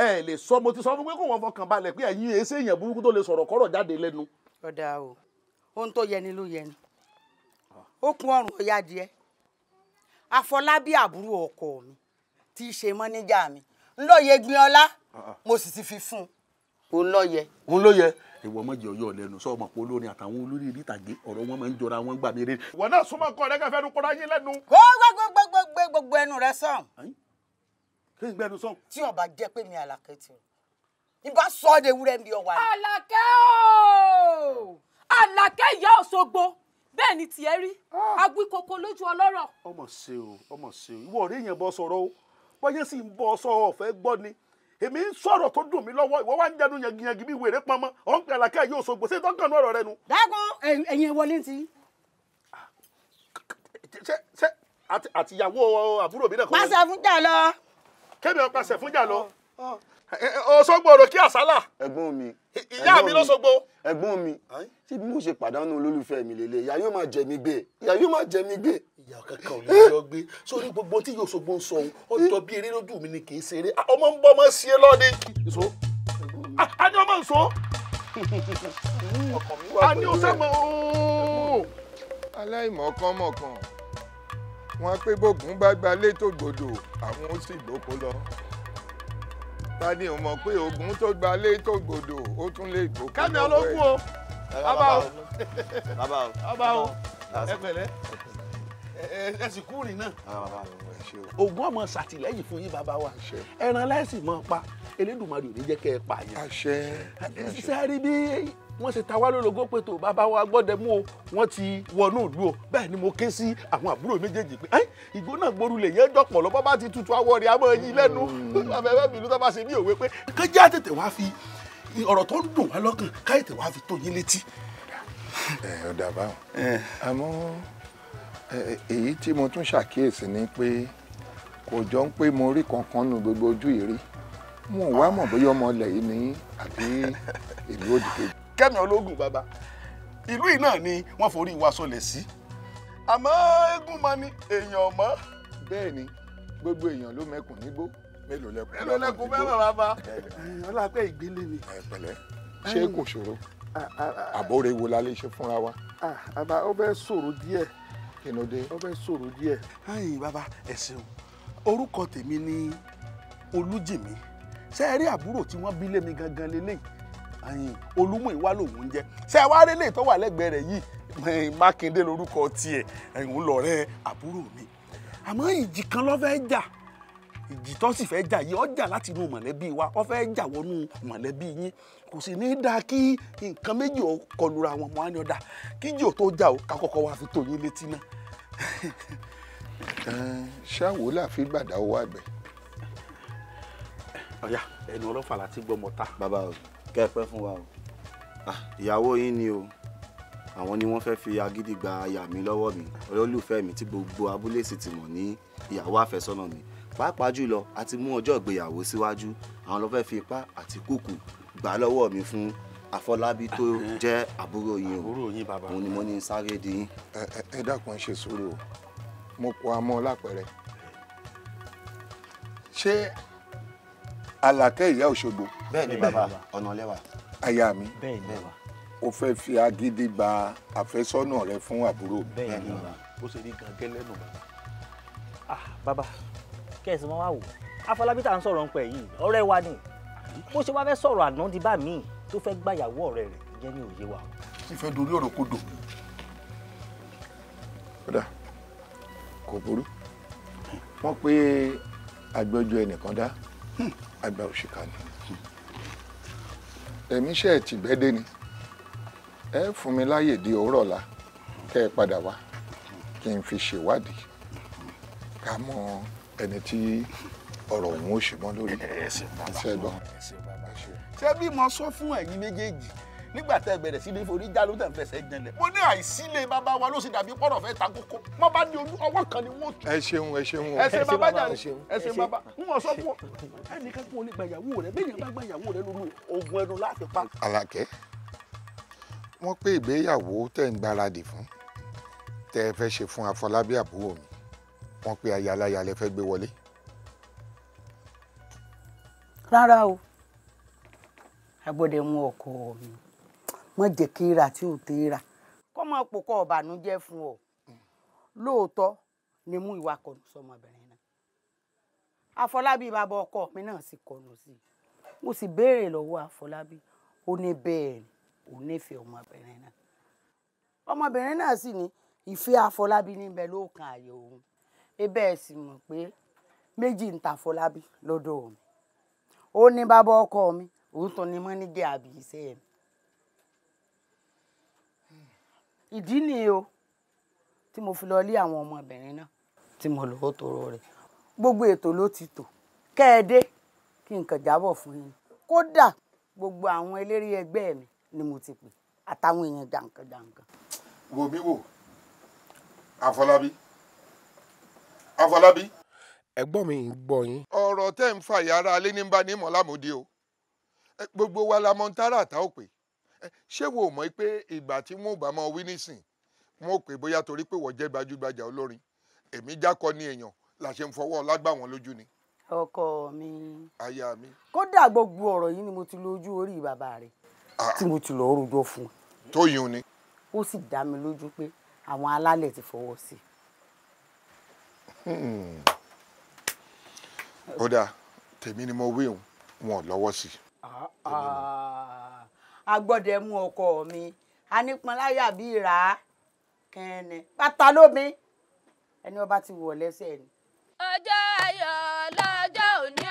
ẹ lè sọ mo ti sọ fún tó lè sọ̀rọ̀ kọ́rọ̀ jáde lẹ́nu. o ohun tó yẹni ló yẹni ó kún ọrùn ọ̀yá adìẹ afọlábí àbúrò ọkọ mi tí í ṣe mọ́níjà mi ńlọ́yẹ gbin ọlá ah, ah. mo sì ti fi fún un ńlọ́yẹ. ńlọ́yẹ ìwọ ọmọ jẹ ọyọ lẹ́nu sọ ọmọ pé olórin àtàwọn olórí ìtàgé ọ̀rọ̀ wọn máa ń jọra wọn gbà mí rere. ìwọ náà súnmọ́ kọ ọ̀rẹ́ kẹfẹ ẹnu kọra yín lẹ́nu. gbogbogbogbogbò gbogbo ẹnu rẹ sàn. kí n gbẹnu sàn. tí ọba jẹ de wúrẹ́ mi ọ̀wà. àlàkẹ́ ooo bẹ́ẹ̀ ni tiẹ̀ rí ah. agbo ìkoko lójú ọlọ́rọ̀. ọmọ ṣe o ọmọ ṣe o ìwọ ọ̀rẹ́ yẹn bọ́ sọ̀rọ̀ o bọ́yẹ́ sì ń bọ́ sọ ọ̀fẹ́ gbọ́ ni èmi ń sọ̀rọ̀ tó dùn mí lọ́wọ́ ìwọ wá ń jẹnu yangiyangi bí wèrè pamọ́ ọ̀n pẹ̀ àlàkà yóò so gbèsè tó ń kàn ní ọ̀rọ̀ rẹ nu. dákun ẹ̀yin wọlé ti. ṣe ṣe àtìyàwó àbúrò mi náà. pàṣẹ fún jà lọ. kémi ọ pàṣẹ fún jà lọ. Ah, ah. Òṣogbo òrò kí àsálà. ẹ̀gbọ́n mi. ìyá mi l'Óṣogbo. ẹ̀gbọ́n mi ṣé bí mo ṣe pàdánù olólùfẹ́ mi lélẹ̀ ìyá yóò máa jẹ mí gbé ìyá yóò máa jẹ mí gbé. ìyá kankan ò lè jọ gbé sórí gbogbo tí Òṣogbo ń sọ ohun ọjọ́ bí eré lójú mi ni kì í ṣeré ọmọ ń bọ́ ọmọ sí ẹ lọ́ọ̀dẹ. ìṣó a ní ọmọ ìṣó a ní ọsẹ́mọ̀ ooo. aláìmọ̀kànmọ̀kàn wọn pé bógun bá gbalé tó gbòdò àwọn ó sì lóko ta ni ò mọ̀ pé ogun tó gba lé tó gbòdò ó tún lè gbòkè lọ́wọ́ ẹ̀. kẹ́mi ológun o bàbá o bàbá o bàbá o ẹ pẹ̀lẹ́ ẹ sì kúrin náà. ogun ọmọ ṣàtìlẹ́yìn fún yín bàbá wa ẹran lẹ́sìn mọ́ pa Elédùmarè ò ní jẹ́ kẹ́ ẹ pààyàn. àṣẹ àṣẹ sẹ́rí bí wọ́n ti ta wá lólogó pé tó bàbá wa gbọ́dẹ̀ mú o wọ́n ti wọnú ìlú o bẹ́ẹ̀ ni mo ké sí àwọn àbúrò méjèèjì pé ẹ́ ìgbó náà gboru lè yẹn dọ̀pọ̀ lọ́bọ́ bá ti tutù awọ rẹ̀ a máa yí lẹ́nu abẹ́fẹ́ bìlú tó bá ṣe bí òwe pé kéjá tètè wá fi ọ̀rọ̀ tó ń dùn wá lọ́kàn káyì tètè wá fi tó yín létí. ẹ ò dàbá o àmọ́ èyí tí mo tún ṣàkíyèsí ni pé kò jọ ń pé mo rí kankan nù gbogbo ojú ìrí mo wá mọ̀ bóyá ọmọ ilẹ̀ yìí ní àbí ìlú òdìkejì kẹ́mi ológun bàbá ìlú yìí náà ni wọ́n forí wa sọlẹ̀ sí àmọ́ eégún mọ ni èèyàn mọ́. bẹ́ẹ̀ ni gbogbo èèyàn ló mẹ́kùn nígbó mélòó lẹ́kùn mélòó lẹ́kùn mẹ́kùn bàbá ọlápẹ́ ìgbélé ni. ẹ pẹ̀lẹ́ ṣé kò ṣòro àbóre wo la lè ṣe fúnra wa. bàbá ó fẹ́ sọ̀rọ̀ díẹ̀ kí ló dé ó fẹ́ sọ̀rọ̀ díẹ̀. ayin bàbá ẹ ṣeun orúkọ tèmi ni olújìmí ṣe é rí àbúrò tí wọ́n bí lé mi gangan lélẹ́yìí olúmọ ìwá lòun ń jẹ ṣé ẹ wá rí lè tó wà lẹ́gbẹ̀ẹ́ rẹ̀ yìí mákindé lórúkọ tiẹ̀ ẹ̀hún lọ̀rẹ́ àbúrò mi àmọ́ ìjì kan ló fẹ́ jà ìjì tó sì fẹ́ jà yìí ó jà láti inú mọ̀lẹ́bí wa ó fẹ́ jà wọnú mọ̀lẹ́bí yín kò sì ní dáa kí nǹkan méjì ó kọlura wọn mọ́ àní ọ̀dà kí jì ò tó jà ó kakọ́kọ́ wa fi tó yín létí náà. ṣáwo la fi gbàdá owó àgbẹ̀. ọ̀ya ẹnu ọlọ́fà láti gbọ́ mọ́ta. bàbá o kẹ́ ẹ fún wa o ah, ìyàwó yín ni o àwọn ni wọ́n fẹ́ẹ́ fi agídí gba aya mi lọ́wọ́ mi olólùfẹ́ mi tí gbogbo abúlé sì ti mọ̀ ní ìyàwó àfẹ́sọ́nà mi pàápàá jùlọ a ti mú ọjọ́ ìgbéyàwó síwájú àwọn ló fẹ́ẹ́ fi ipá àti kùkù gbà lọ́wọ́ mi fún àfọlábí tó jẹ́ àbúrò yín o àbúrò yín bàbá òun ni mo ní sáré di yín. ẹ dákun ẹ ṣe sùúrù o mo kọ amọ lápẹrẹ ṣé àlàkẹ́ ìyá òṣogbo bẹ́ẹ̀ baba, bàbá ọ̀nà lẹ́wà. aya mi o fẹ́ fi agídí gba àfẹ́sọ́nà rẹ fún àbúrò mi. bẹ́ẹ̀ baba, bàbá bó ṣe ní gan gẹ́lẹ́ nù bàbá. ah baba, kẹ́sì wọn wá wò Afọlábí tá à ń sọ̀rọ̀ ń pẹ̀ yìí ọ̀rẹ́ wa ni bó ṣe wá fẹ́ sọ̀rọ̀ àná di bá mi tó fẹ́ gbàyàwó ọ̀rẹ́ rẹ̀ jẹ́ ní òye wa. sì fẹ́ dorí ọ̀rọ̀ kó dò. kódà kò burú wọ́n pé àgbẹ̀jọ ẹnìkan dá àgbà òṣìkà ni èmi ṣe ẹ̀ tìgbẹ́dé ni ẹ fún mi láyè di òwúrọ̀ la kẹ́ ẹ padà wá kí n fi ṣèwádìí ká mọ ẹni tí ọ̀rọ̀ òun ò ṣì mọ́ lórí iṣẹ́ gbọ́. ṣé bí mo sọ fún ẹ̀yin méjèèjì nígbà tẹ́ bẹ̀rẹ̀ sí forí já ló tẹ̀ fẹsẹ̀ jẹlẹ̀. mo ní àìsílẹ̀ bàbá wa ló sì dàbí pọ̀rọ̀ fẹ́ ta kókó wọ́n bá ní ọwọ́ kan ni wọ́n tù. ẹ ṣeun ẹ ṣeun ẹ ṣe bàbá jà ẹ ṣe bàbá n wọ́n sọ fún ọ ẹnìkan kún olè gbàyàwó rẹ bẹ́ẹ̀ yẹn bá gbàyàwó rẹ lóru oògùn ẹnu láti pa. Àlàkẹ́ wọ́n pé ìgbéyàwó tẹ́ ń gbáradì fún tẹ́ ẹ fẹ́ ṣe fún Afọlábí àbúrò mi wọ́n pé ayaláya lẹ fẹ́ gbé wọlé. rárá o agbọ́dẹ̀ mú ọkọ mi má jẹ́ kí ra tí ò tẹ́ ra kọ́ máa pò kọ́ ọ̀bànújẹ́ fún ọ lóòótọ́ ni mú ìwà kọ̀nù sọmọbìnrin náà àfọlábí bàbá ọkọ mi náà sì kọ̀nù sí i mo sì béèrè lọ́wọ́ àfọlábí ó ní bẹ́ẹ̀ ni ó nífẹ̀ẹ́ ọmọbìnrin náà ọmọbìnrin náà sì ní ìfẹ́ àfọlábí níbẹ̀ ló kan àyè òun ebe ẹ̀ sì mọ̀ pé méjì ń ta àfọlábí lọ́dọ̀ mi ó ní bàbá ọkọ mi òun tó ní mọ́ nígbẹ́ àbí iṣẹ́ mi ìdí nìyí o tí mo fi lọ lé àwọn ọmọbìnrin náà tí mo lọ́wọ́ tóró rẹ̀ gbogbo ètò ló ti tò kẹ́ẹ̀dé kí nǹkan jábọ̀ fún yín kódà gbogbo àwọn eléré ẹgbẹ́ mi ni mo ti pè àtàwọn èèyàn jàǹkànjàǹkàn. wo mi wo àfọlábí àfọlábí. ẹ̀gbọ́n mi ń gbọ́ yín. ọ̀rọ̀ tẹ́ ń fà yàrá alẹ́ ní bá ní mọ̀lámọ́dé o gbogbo wa la mọ̀ ń tààrà àtàwọn pè ṣé wo mọ̀ pé ìgbà tí wọn ò bá máa wí nísìn wọn ò pè bóyá torí pé wọ́n jẹ́ gbajúgbajà olórin èmi jákọ́ ní èèyàn la ṣe ń fọwọ́ lágbà wọn lójú ni. ọkọ mi. aya mi. kódà gbogbo ọ̀rọ̀ yìí ni mo ti lójú orí bàbá rẹ̀ tí mo ti lọ́ọ́ rojọ́ fún un. tó yun ni. ó sì dá mi lójú pé àwọn alálẹ̀ ti fọwọ́ sí i. Hmm. ó tèmi ni mo wí òun wọn lọ́wọ́ sí i. Ah, ah agbọ́dẹ mú ọkọ mi anípanláyà bí ìrà kẹ́ẹ̀nẹ́ pátá lómi ẹni ọba ti wọ̀ lẹ́sẹ̀ ni. ọjọ́ ayọ̀ lọ́jọ́ òní.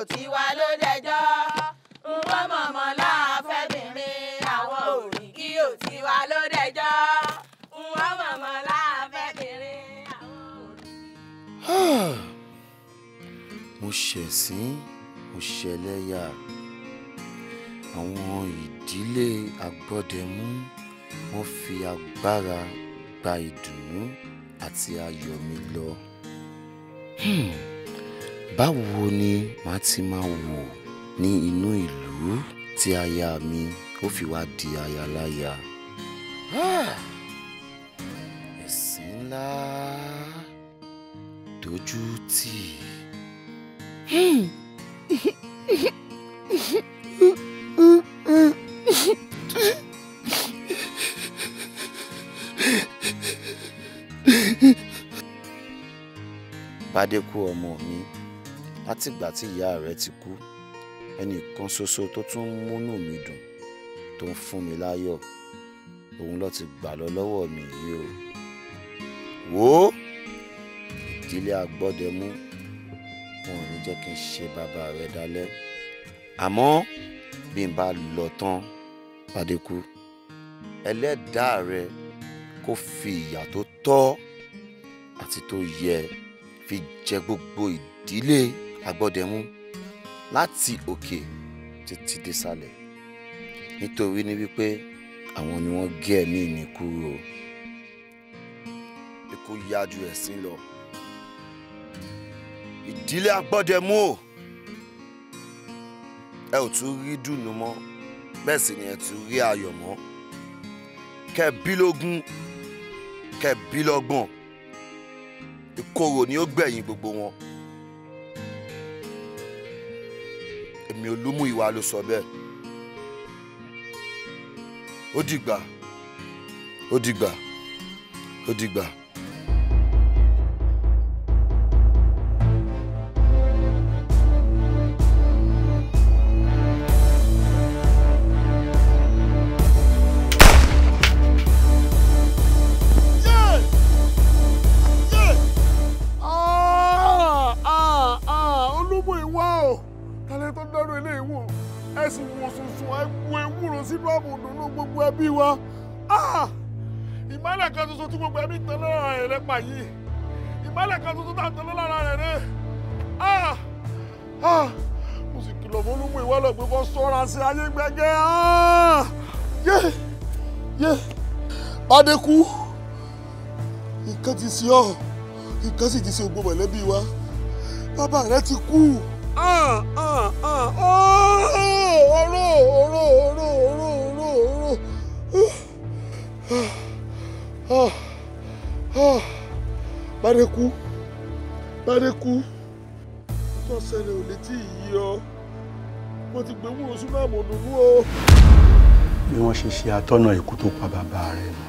ò tí wá ló dẹjọ́ wọ́n mọ̀mọ́ láàfẹ́bìnrin àwọn òrì kí ò tí wá ló dẹjọ́ wọ́n mọ̀mọ́ láàfẹ́bìnrin àwọn òrì. mo ṣẹ̀sín mo ṣẹlẹ́yà àwọn ìdílé agbọ́dẹmú wọ́n fi agbára gba ìdùnnú àti ayọ̀ mi lọ. Hmm. Báwo ni màá ti máa wò ní inú ìlú tí aya mi ó fi wá di aya láya? Ah! Ẹ̀sìn ńlá dojú tì. Bádé kú ọmọ mi látìgbà tí ìyá rẹ̀ ti kú ẹnì kan ṣoṣo tó tún múnú mi dùn tó ń fún mi láyọ̀ òun ló ti gbà lọ lọ́wọ́ mi yìí o wò ó ìdílé agbọ́dẹmú wọn ò ní jẹ́ kí n ṣe bàbá rẹ dalẹ́ àmọ́ bí n bá lọ tán pàdé kú ẹlẹ́dàá rẹ kó fi ìyà tó tọ́ àti tó yẹ fi jẹ gbogbo ìdílé agbọ́dẹ̀mú láti òkè títí désàlẹ̀ nítorí ní wípé àwọn ni wọ́n gé ẹ̀mí mi kúrò ikú yá ju ẹ̀sín lọ ìdílé agbọ́dẹ̀mú o ẹ ò tún rí dùnú mọ́ bẹ́ẹ̀ sì ni ẹ tún rí ayọ̀ mọ́ kẹbílógún kẹbílọ́gbọ̀n ìkorò ni ó gbẹ̀yìn gbogbo wọn. Rẹ̀mí Olúmúyìwá ló sọ bẹ́ẹ̀ ó dìgbà ó dìgbà ó dìgbà. rẹ pa yìí ìmọ́lẹ̀ kan tuntun tá à ń tọ́lọ́ lára rẹ̀ rẹ̀ ah ah mo sì kìlọ̀ fún olúmọ ìwọ lọ pé kó sọ́ra sí ayé gbẹ́gẹ́ ah! yé yé bàdé kú nǹkan ti sí ọ nǹkan sì ti sí gbogbo mọ̀lẹ́bí wa bàbá rẹ ti kú ọ̀rọ̀ ọ̀rọ̀ ọ̀rọ̀ ọ̀rọ̀ ọ̀rọ̀. Bareku, ah, bareku, tó ṣẹlẹ̀ ò létí yìí ọ mo ti gbé wúrò sínú àmọ̀dùnú o. bí wọ́n ṣe ṣe atọ́nà ikú tó pa bàbá rẹ̀ nù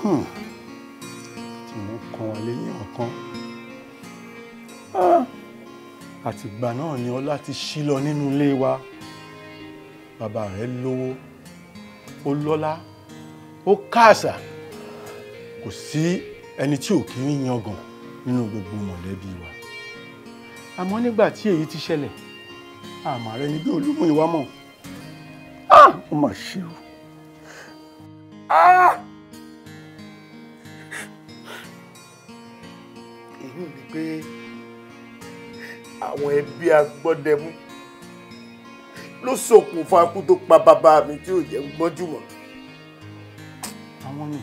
hmm. tí wọ́n kan wà lẹ́yìn ọ̀kan ah, àtìgbà náà ni ọlá ti ṣí lọ nínú ilé wa bàbá rẹ̀ lówó ó lọ́lá ó káàsà kò sí ẹni tí ò kí ń yangàn nínú gbogbo mọ̀lẹ́bí wa àmọ́ nígbà tí èyí ti ṣẹlẹ̀ àmọ́ rẹ ni bí olúmọ ìwà mọ̀ ó mà ṣe o. èyí ò ní pé àwọn ẹbí agbọ́dẹmú ló ṣokùnfà kú tó pa bàbá mi tí ò jẹ́ gbọ́njúmọ̀. àwọn ni.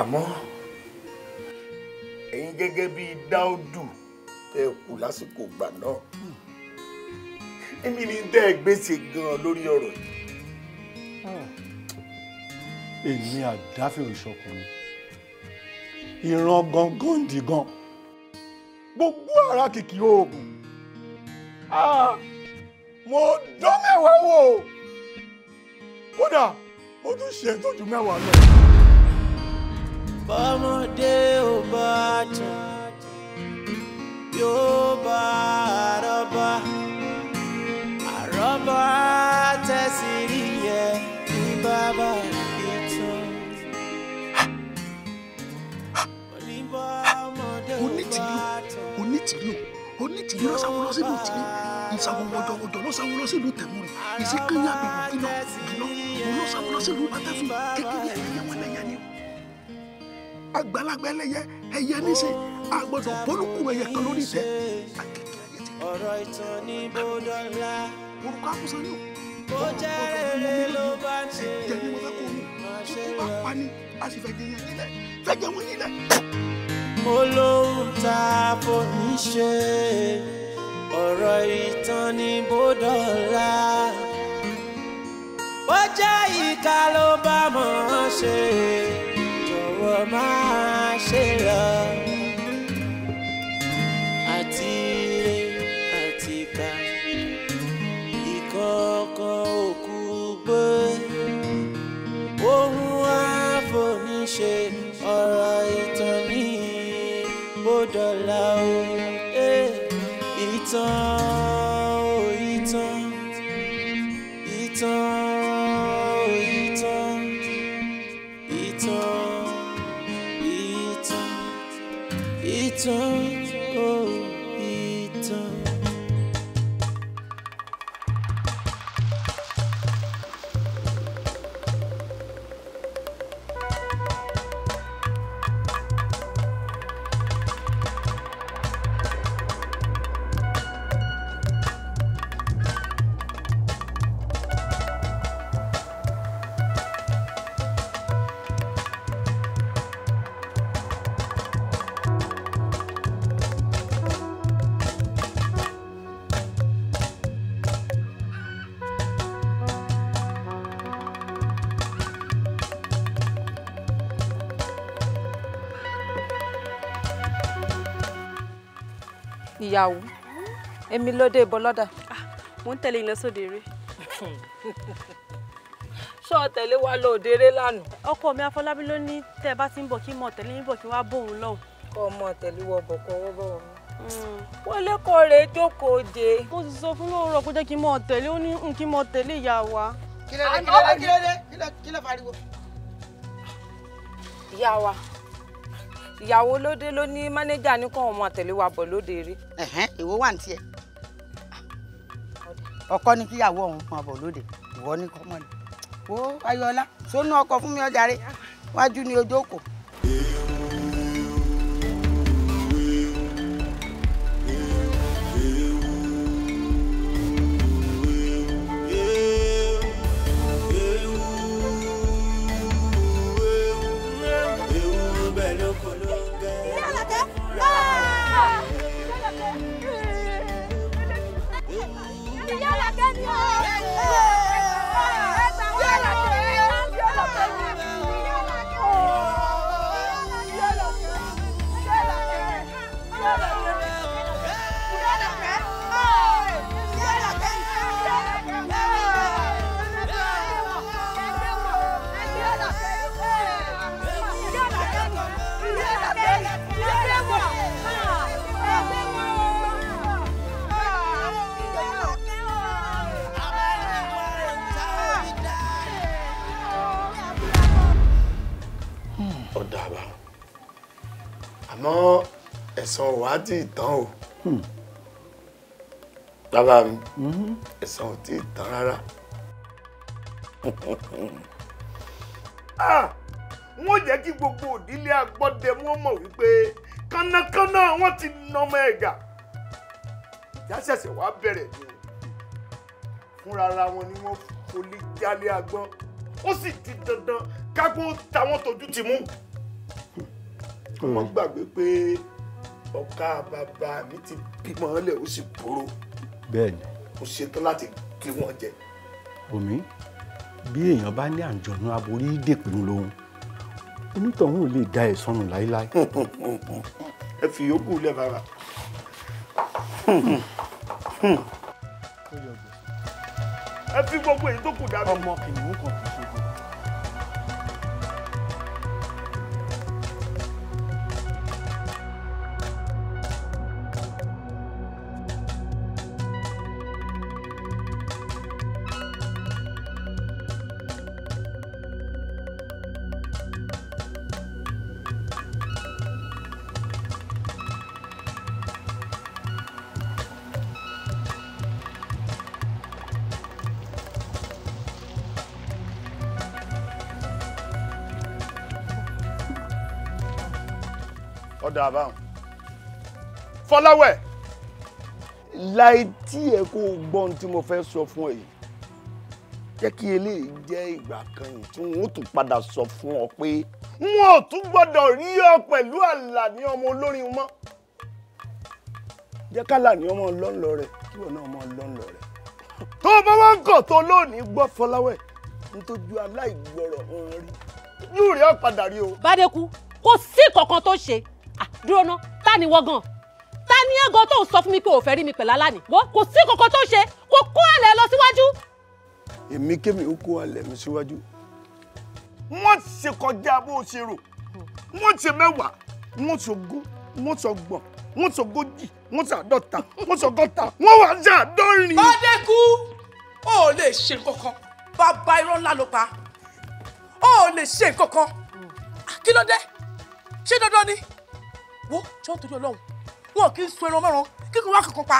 àmọ́ ẹ̀yin gẹ́gẹ́ bíi dáódù tẹ́ ẹ kù lásìkò ìgbà náà èmi ni tẹ́ ẹ gbèsè gan-an lórí ọ̀rọ̀ yìí. èmi àdáfẹ́ òṣọkùnrin ìran gangan dìgan gbogbo ara kìkì oògùn mo dán mẹ́wàá wò kódà mo tún ṣe tó ju mẹ́wàá lọ bọ́mọdé ò bá jẹun yóò bá àrọ́bá àrọ́bá tẹ̀sí rí yẹ ní bàbá ìtàn. onítìlú onítìlú ló sáwọn lọ sílùú tìlú ìsàwọn wọdọwọdọ ló sáwọn lọ sílùú tẹmúrì ìsìnkìyà àgbàlagbà ẹlẹ́yẹ ẹyẹ níṣe àgbọ̀dọ̀ bólúkú ẹyẹ kan lórí ìtẹ́ akéèké ayé ti ọ̀rọ̀ ìtàn orúkọ àkùsọ yìí ó mo fẹ́ kó a sì ní ṣe ọ̀rọ̀ ìtàn ní bọ́dọ̀lá ó jẹ́ ìka ló bá mọ̀ ọ́n ṣe kò máa ṣe lọ àti. ìyàwó èmi lóde ìbọn lọ́dà. Ah, mo ń tẹ̀lé iná sóde eré. ṣọ́ tẹ̀lé wa lọ òde eré lánàá. ọkọ mi Afọlábí ló ní tẹ́ ẹ bá ti ń bọ̀ kí mọ̀ tẹ̀lé yín bọ̀ kí wá bóun lọ́hùn. kọ́ ọmọ tẹ̀lé wọ bọ̀ kọ́ ọwọ́ bọ̀ wọn wọlé kọ rè jókòó de. mo sì sọ fún lóòrọ̀ pé jẹ́ kí n mọ̀ tẹ̀lé ó ní kí n mọ̀ tẹ̀lé ìyá wa. kílódé kílódé kílódé kílódé kílódé fariwo. ìyá wa ìyàwó lóde ló ní mánéjà ní kóun máa tẹ̀lé wa bọ̀ lóde rí. ìwọ wà ní tiẹ̀ ọkọ ní kíyàwó ọ̀hún máa bọ̀ lóde ìwọ ní kọ́mọ́ni wo ayọ̀ọ́lá sónú ọkọ̀ fún mi ọjà rẹ̀ wájú ni ojókòó. àmọ́ ẹ̀san wa ti tán o hmm. bàbá mi mm-hmm. ẹ̀san ò tí ì tán rárá. wọ́n ah! jẹ́ kí gbogbo òdílé agbọ́dẹ wọ́n mọ̀ wípé kánákáná wọ́n ti nọmọ ẹ̀gà ìjà ṣẹ̀ṣẹ̀ wá bẹ̀rẹ̀ ni fúnrara wọn ni wọ́n folí jálé agbọ́n ó sì di dandan kágbó táwọn tójú ti mú wọ́n gbàgbé pé ọ̀ka bàbá mi ti bímọ ọ́lẹ̀ ó sì bóró. bẹ́ẹ̀ni. mo ṣetán láti kí wọn jẹ. bùnmi bí èèyàn bá ní àǹjọ̀nú aborí dèpinnu lòun onítọ̀hún ò lè da ẹ̀ sọnù láéláé. ẹ fi yòókù lẹ̀ bàbá. ẹ fi gbogbo èyí tó kù dá mi. ọmọ kìnìún kan. dáa báwọn. fọláwẹ̀ láì tí ẹ kó gbọ́ ohun tí mo fẹ́ sọ fún ẹ yìí jẹ́ kí eléyìí jẹ́ ìgbà kan yìí tí wọ́n tún padà sọ fún ọ pé wọn ò tún gbọ́dọ̀ rí ọ pẹ̀lú Àlàní ọmọ olórin mọ́ jẹ́ k'Àlàní ọmọ ọlọ́nlọ rẹ̀ kí wọn náà ọmọ ọlọ́nlọ rẹ̀ tó o bá wá ń kàn tó lónìí gbọ́ Fọláwẹ̀ nítorí aláìgbọràn ọ̀rọ̀ rí yóò rí ọ padà rí o. Bádékú kò sí kankan tó ṣe dúró ná ta ni wọ́n gan ta ni ẹ̀gọ́ tó ń sọ fún mi pé ò fẹ́ rí mi pẹ̀lú aláàní wọ́n kò sí kankan tó ṣe kò kó àlẹ́ lọ síwájú. èmi kémi ó kó àlẹ́ mi síwájú. wọ́n ṣe kọjá bó o ṣe rò wọ́n ṣe mẹ́wàá wọ́n ṣe ogún wọ́n ṣe ọgbọ̀n wọ́n ṣe ogójì wọ́n ṣe àádọ́ta wọ́n ṣe ọgọ́ta wọ́n wà ṣe àádọ́rin. bọ́dẹ́kù o ò lè ṣe kankan bàbá irọ́ ńlá ló pa o ò lè ṣe kankan kí ló dé ṣé dandan ni wo ṣé wọ́n torí ọlọ́run wọn kì í sun ẹran mọ́ran kíkún wá kankan pa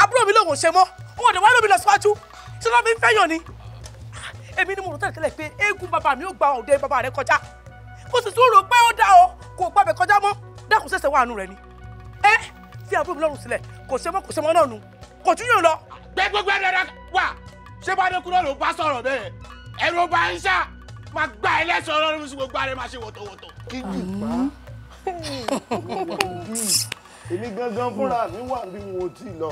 àbúrò mi lòun ò ṣe mọ́ wọn ò wá lómi lọ síwájú tí wọ́n fi ń fẹ́yàn ni èmi ni mo rò tẹ́lẹ̀tẹ́lẹ̀ pé eégún bàbá mi ò gba ọ̀dẹ bàbá rẹ kọjá mo sì tún rò pé ó dá ọ kò gbàbẹ̀ kọjá mọ́ dákun ṣẹ̀ṣẹ̀ wà nù rẹ ni ẹ fi àbúrò mi lọ́rùn sílẹ̀ kò ṣe mọ́ kò ṣe mọ́ náà nù kò tún yàn lọ. gbẹ gbogbo ẹ lọ́dọ̀ wà ṣé bá dé kúrò ló bá sọ̀rọ̀ bẹ́ẹ̀ ẹ̀rọ bá ń ṣá máa gbá ẹ lẹ́sọ̀ọ́ sí gbogbo ààrẹ máa ṣe wọ̀tọ̀wọ̀tọ̀. kí ni ìgbà èmi gangan fúnra mi wà bí mo ti lọ.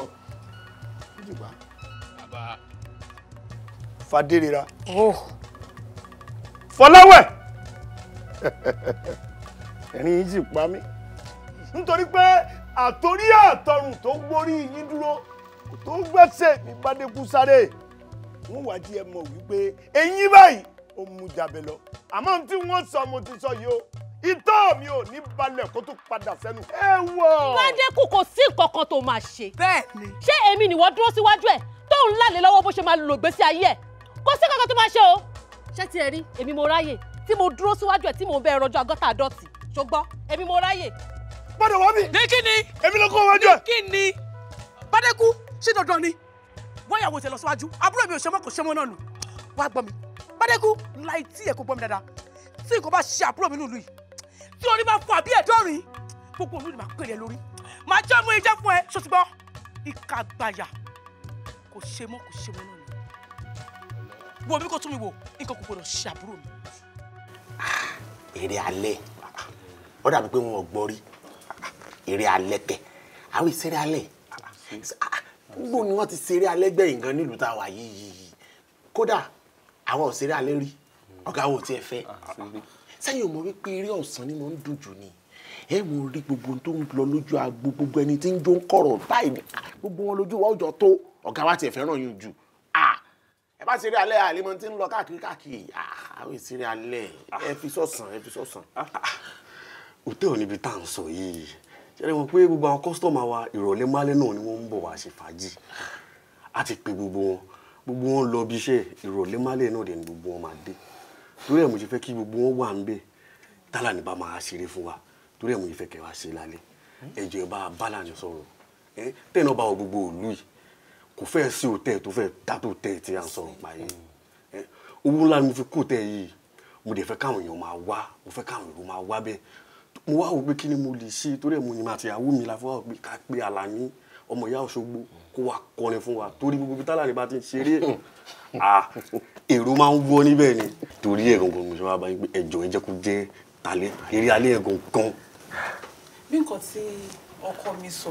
fadérera. fọláwẹ̀ ẹ̀rín yìí sì pa mí nítorí pé àtòrí àtọrùn tó gborí yín dúró tó gbẹ́sẹ̀ mi bá dékú sáré wọ́n wá di ẹ mọ̀ wípé eyín báyìí ó mú jàbẹ́ lọ àmọ́ tí wọ́n sọ mo ti sọ yìí o ìtọ́ mi ò ní balẹ̀ kó tún padà sẹ́nu. ẹ wọ. ládé kù kò sí nǹkan kan tó máa ṣe. bẹ́ẹ̀ni. ṣé èmi nìwọ dúró síwájú ẹ tóun lálẹ́ lọ́wọ́ bó ṣe máa lò gbèsè ayé ẹ kò sí kankan tó máa ṣe o. ṣé tiẹ̀ rí èmi mo ráyè tí mo dúró síwájú ẹ tí mo bẹ rọjò àgọ́ta àdọ́tì ṣùgbọ́n èmi mo ráyè. padà wá mi. ní kí ni. èmi ló kó wájú ẹ. ní kí ni. bádẹ́kú ṣé dandan ni wáyàwó tẹ lọ síwájú àbúrò mi ò ṣe mọ́ kò ṣe mọ́ náà nù wá gbọ́ mi bádẹ́kú láì tí ẹ̀ kò gbọ́ bá ṣe àbúrò mi nílùú yìí kí orí máa fọ àbí ẹ̀dọ́rin gbogbo olú ni màá pèrè lórí màá jẹ́ mú ẹjẹ́ fún ẹ ṣòṣùgbọ́ ìka gbàyà kò ṣe mọ́ kò ṣe mọ́ náà ni wo mi kò tún mi wò nǹkan kò gbọdọ̀ ṣe àbúrò mi. Ah, èrè alẹ́ ó dàbí pé wọn ò gbọ́ rí èrè alẹ́ kẹ àwọn ìṣeré alẹ́ ah, gbogbo ni wọ́n ti ṣeré alẹ́ gbẹ̀yìn gan nílùú táwa yìí kódà àwọn ò ṣeré alẹ́ rí ọ̀gá wo tiẹ̀ fẹ́. Ah, sẹ́yìn ò mọ̀ wípé eré ọ̀sán ni mo ń dùn jù ni ẹ mo rí gbogbo tó ń lọ lójú agbo gbogbo ẹni tí ń jó ń kọ̀rọ̀ báyìí gbogbo wọn lójú wa ó jọ tó ọ̀gá wa tiẹ̀ fẹ́ràn yín jù ẹ bá ṣeré alẹ́ àlemọ tí ń lọ káàkiri káàkiri àwọn ìṣeré alẹ́ ẹ fi sọ̀sán ẹ fi sọ̀sán. òtẹ́ẹ̀lì níbi tá à ń sọ yìí ṣẹlẹ̀ wọn pé gbogbo àwọn kọ́sítọ́mà wa ìrọ̀lẹ́ málẹ́ náà ni wọ́n ń bọ̀ wá ṣe fàájì á ti pe gbogbo wọn gbogbo wọn lọ bí iṣẹ́ ìrọ̀lẹ́ málẹ́ náà dẹ̀ ni gbogbo wọn máa dé torí ẹ̀ mo ṣe fẹ́ kí gbogbo wọn wà ń bẹ̀ tálà ní bá máa ṣeré fún wa torí ẹ̀ mo ṣe fẹ́ kẹ́ wá ṣe lálẹ́ ẹ̀jọ̀ ẹ̀ bá a bá lànà sọ̀rọ̀ ẹ̀ tẹ̀nà bá wọ gbogbo òlu yìí kò fẹ́ sí òtẹ́ tó fẹ́ ta tó tẹ́ tí à ń sọ̀rọ̀ pa yìí owó ńlá ni fi kó tẹ́ yìí mo dẹ̀ fẹ́ káwọn èèyàn máa wá mo fẹ́ káwọn èèyàn máa wá bẹ́ẹ̀ mo wá wò pé kí ni mo lè ṣe torí ẹ̀ mo ní ma ti àwú mi la fọwọ́ kó wá kọrin fún wa torí gbogbo tálà ní bá ti ń ṣeré èrò máa ń wọ́ níbẹ̀ ni torí ẹ̀gọ̀ngàn mo ṣe wá pé ẹ̀jọ̀ ẹ jẹ́ jẹ́ tàlẹ́ eré alẹ́ ẹ̀gọ̀ngàn. bí nǹkan tí ọkọ mi sọ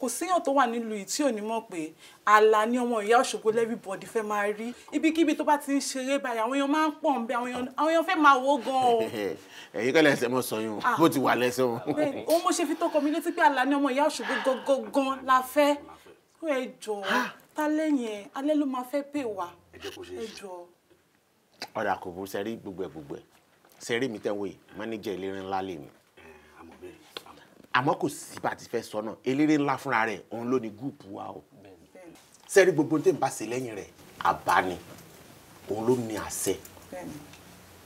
kò síyàn tó wà nílùú yìí tí ò ní mọ̀ pé àlà ni ọmọ ìyá Òṣogbo everybody fẹ́ máa rí ibikíbi tó bá ti ń ṣeré báyìí àwọn èèyàn máa ń pọ̀ ń àwọn èèyàn fẹ́ máa wó gan o. ẹ̀yin kẹ́lẹ́ ẹsẹ̀ mọ́ sọyún bó ah. ti wà lẹ́sẹ̀ wọn. òun mo ṣe fi tó kọ mi létí pé àlà ni ọmọ ìyá Òṣogbo gangan la fẹ́ ẹ jọ tálẹ́ yẹn alẹ́ ló máa fẹ́ pè wá ẹ jọ. ọ̀rọ̀ àkọ́bù sẹ́rí gbogbo ẹ̀ gbogbo ẹ̀ sẹ́rí mi tẹ́wọ́ yìí mánéjà eléré ńlá lè mi àmọ́ kò sí bá ti fẹ́ sọ́nà eléré ńlá fúnra rẹ̀ òun ló ní gúùpù wa o sẹ́rí gbogbo tẹ́ ń bá ṣe lẹ́yìn rẹ̀ àbá ni òun ló ní àṣẹ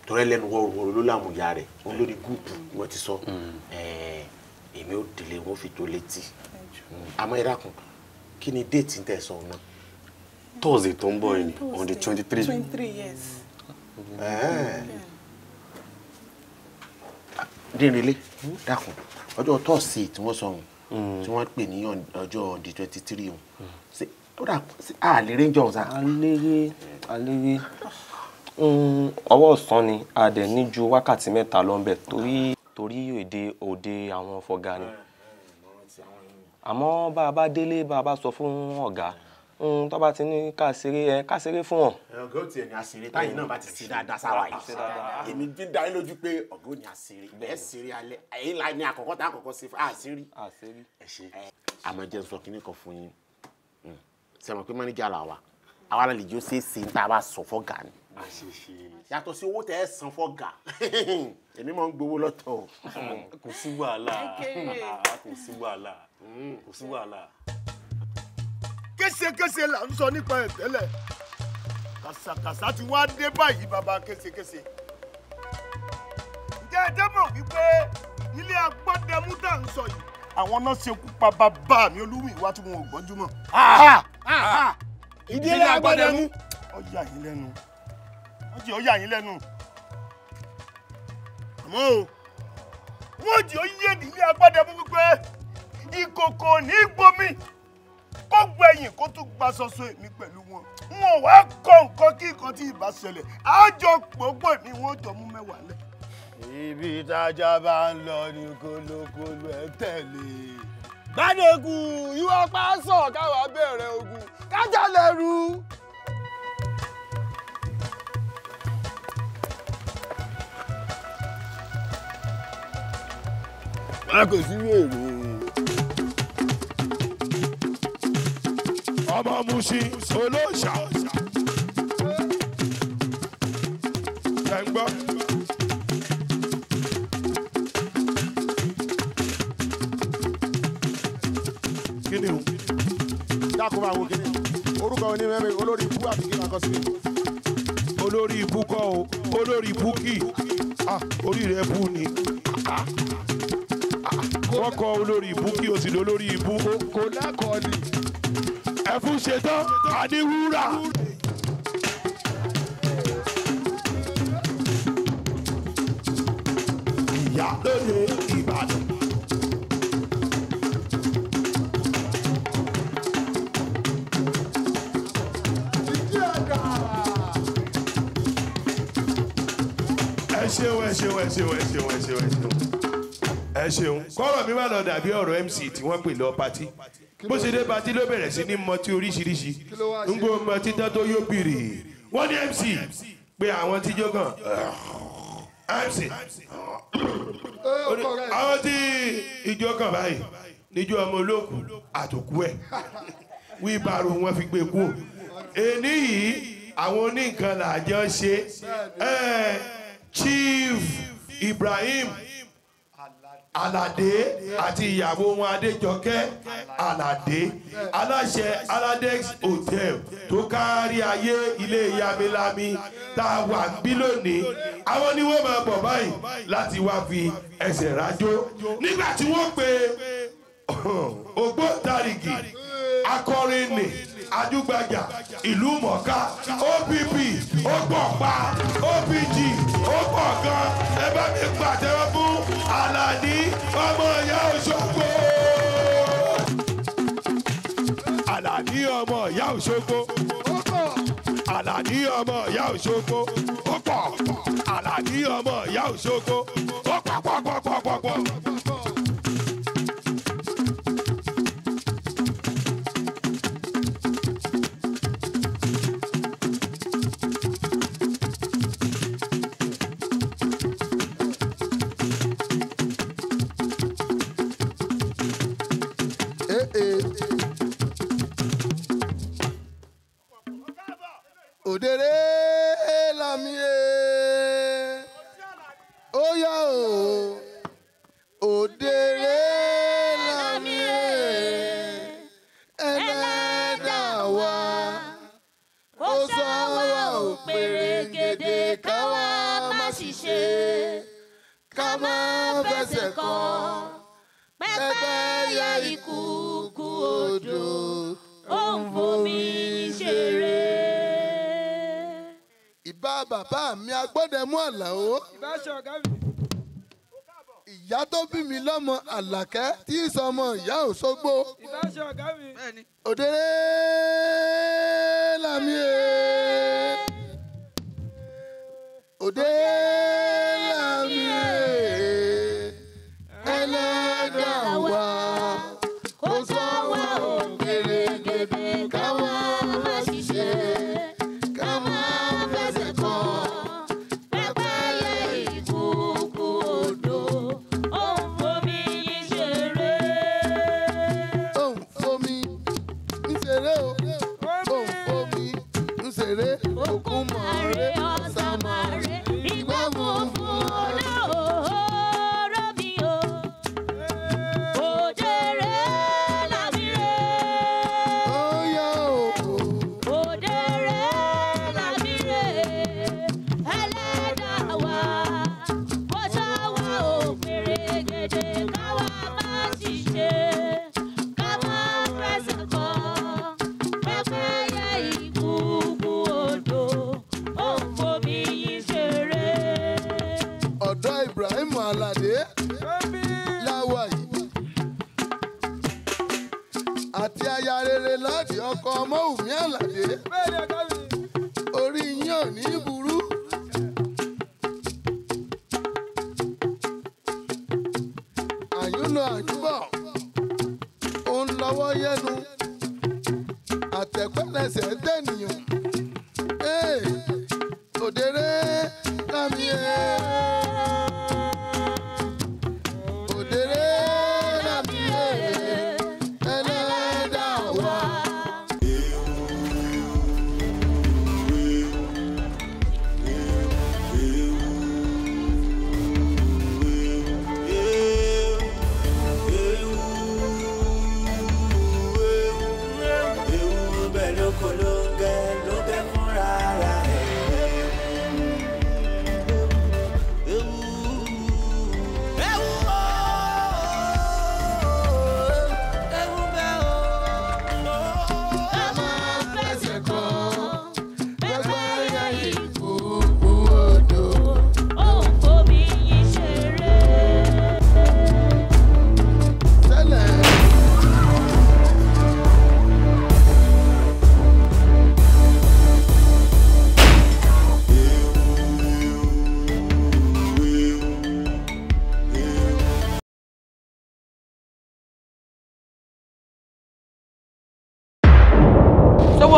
torí ẹlẹ́nu wọ́ọ̀rọ̀ ló lámùyá rẹ̀ òun ló ní gúùpù wọ́n ti sọ mm. èmi ò délé wọ́n fi tó létí àmọ́ ẹ dákun kí ni déètì tẹ̀ sọ ọ̀nà. thursday tó ń bọ̀ yìí ni on the twenty three. twenty three yes. dínrínlé dákun ọjọ́ thursday tí wọ́n sọ ohun hmm. tí wọ́n pè ní ọjọ́ on the twenty three ohun ṣé ó dà á lè rí jọ̀ọ́ sá. àlèrè àlèrè hmm, ọwọ́ ọ̀sán ni a dẹ̀ ní ju wákàtí mẹ́ta lọ́nbẹ̀ torí torí èdè òde àwọn fọ̀gá ni. Mm àmọ́ bá a bá délé bá a bá sọ fún ọ̀gá tó bá ti ní ká ṣeré ẹ ká ṣeré fún ọ. ọ̀gá ò tiẹ̀ ní àṣírí táyìn náà bá ti ṣe dáadáa sáwà yìí èmi bí dá yín lójú pé ọ̀gá ò ní àṣírí bẹ́ẹ̀ ṣeré alẹ́ èyí la ní àkọ́kọ́ tá àkọ́kọ́ ṣe fún àṣírí. ẹ ṣe àmọ́ jẹ́ sọ kínní kan fún yín sẹ́wọ̀n hmm. pé mọ́níjà là wà àwa lálejò ṣeé ṣe tá a bá sọ fọ́gà ni àṣìṣe yàtọ̀ sí owó tẹ́ ẹ san fọ́gà èmi máa ń gbowó lọ́tọ̀ o. kò sí wàhálà ah, kò sí wàhálà hmm, kò sí wàhálà. késekése là ń sọ nípa ẹ̀ tẹ́lẹ̀ kàṣàkàṣà ti wá dé báyìí bàbá késekése. ǹjẹ́ ẹ jẹ́ mọ̀ wípé ilé agbọ́dẹmú tá à ń sọ yìí àwọn náà ṣekú pa bàbá mi olúwiwá tí wọn gbọ́njú mọ́. ìdílé agbọ́dẹmú. ọjà yìí lẹ́nu wọ́n jì ọ́ yà yín lẹ́nu àmọ́ o wọ́n jì ọ́ yé nílé agbádá mú wípé ìkòkò ní gbomi kó gbẹ̀yìn kó tún gba sọ́sọ èmi pẹ̀lú wọn wọn ò wá kọ nǹkan kí nǹkan tí ìbá ṣẹlẹ̀ àjọ gbogbo mi wọn jọ mú mẹ́wàá lẹ̀. ibi tájà bá ń lọ ní kólókóló ẹ tẹ̀lé. gbàdégùn ìwà pásọ̀ káwa bẹ̀rẹ̀ ogun kájà lẹ́rù. a ọmọ Mushin olóòṣà. ẹ ń gbọ́. kíni o dákúmọ̀ àwọn kíni orúkọ onímọ̀ olórí ibú àti kíni àkọsílẹ̀ olórí ibú kọ́ o olórí ibú kì í ah, orí rẹ̀ bú ni. Ah, wọ́n kọ olórí ìbú kí o sì lọ lórí ìbú. kò lákọ̀ọ́ ni. ẹ̀fún ṣetán àníwúrà. ìyá lóde Ìbàdàn. ẹ ṣeun ẹ ṣeun ẹ ṣeun ẹ ṣeun ẹ ṣeun ẹ ṣeun ẹ ṣeun kọ́rọ̀ mi wà lọ dàbí ọ̀rọ̀ MC tí wọ́n pè lọ pati bó ṣe dé pati ló bẹ̀rẹ̀ sí ní mọtí oríṣiríṣi ń gbọ́ mọtí tán tó yó bìrì wọ́n ní MC pé àwọn tí jó kàn MC àwọn tí ìjó kàn báyìí níjó ọmọ olókùn àtòkú ẹ̀ wíbaro wọn fi gbé kú èní yìí àwọn oníkan làjọ ṣe Chief Ibrahim. Ibrahim aládé àti ìyàwó wọn adéjọkẹ́ aládé aláṣẹ aladex hotel tó kárí ayé ilé yamilami tá a wà bí lónìí àwọn ni wọ́n máa bọ̀ báyìí láti wá fi ẹsẹ̀ rájò nígbà tí wọ́n pe ògbóǹtarìgì akọrin nì ajúgbajà ìlú mọ̀ká OPP ó pọ̀ pa OPG ó pọ̀ gan ẹ bá mi pàtẹ́wọ́ fún Àlàní ọmọ ìyá Òṣogbo. Àlàní ọmọ ìyá Òṣogbo. Àlàní ọmọ ìyá Òṣogbo. ó pọ̀ ọmọ ìyá Òṣogbo. ó pọ̀ àlàkẹ́ tí sọmọ ìyá òṣogbo. ìbáṣọ ọ̀gá mi. òdèrè.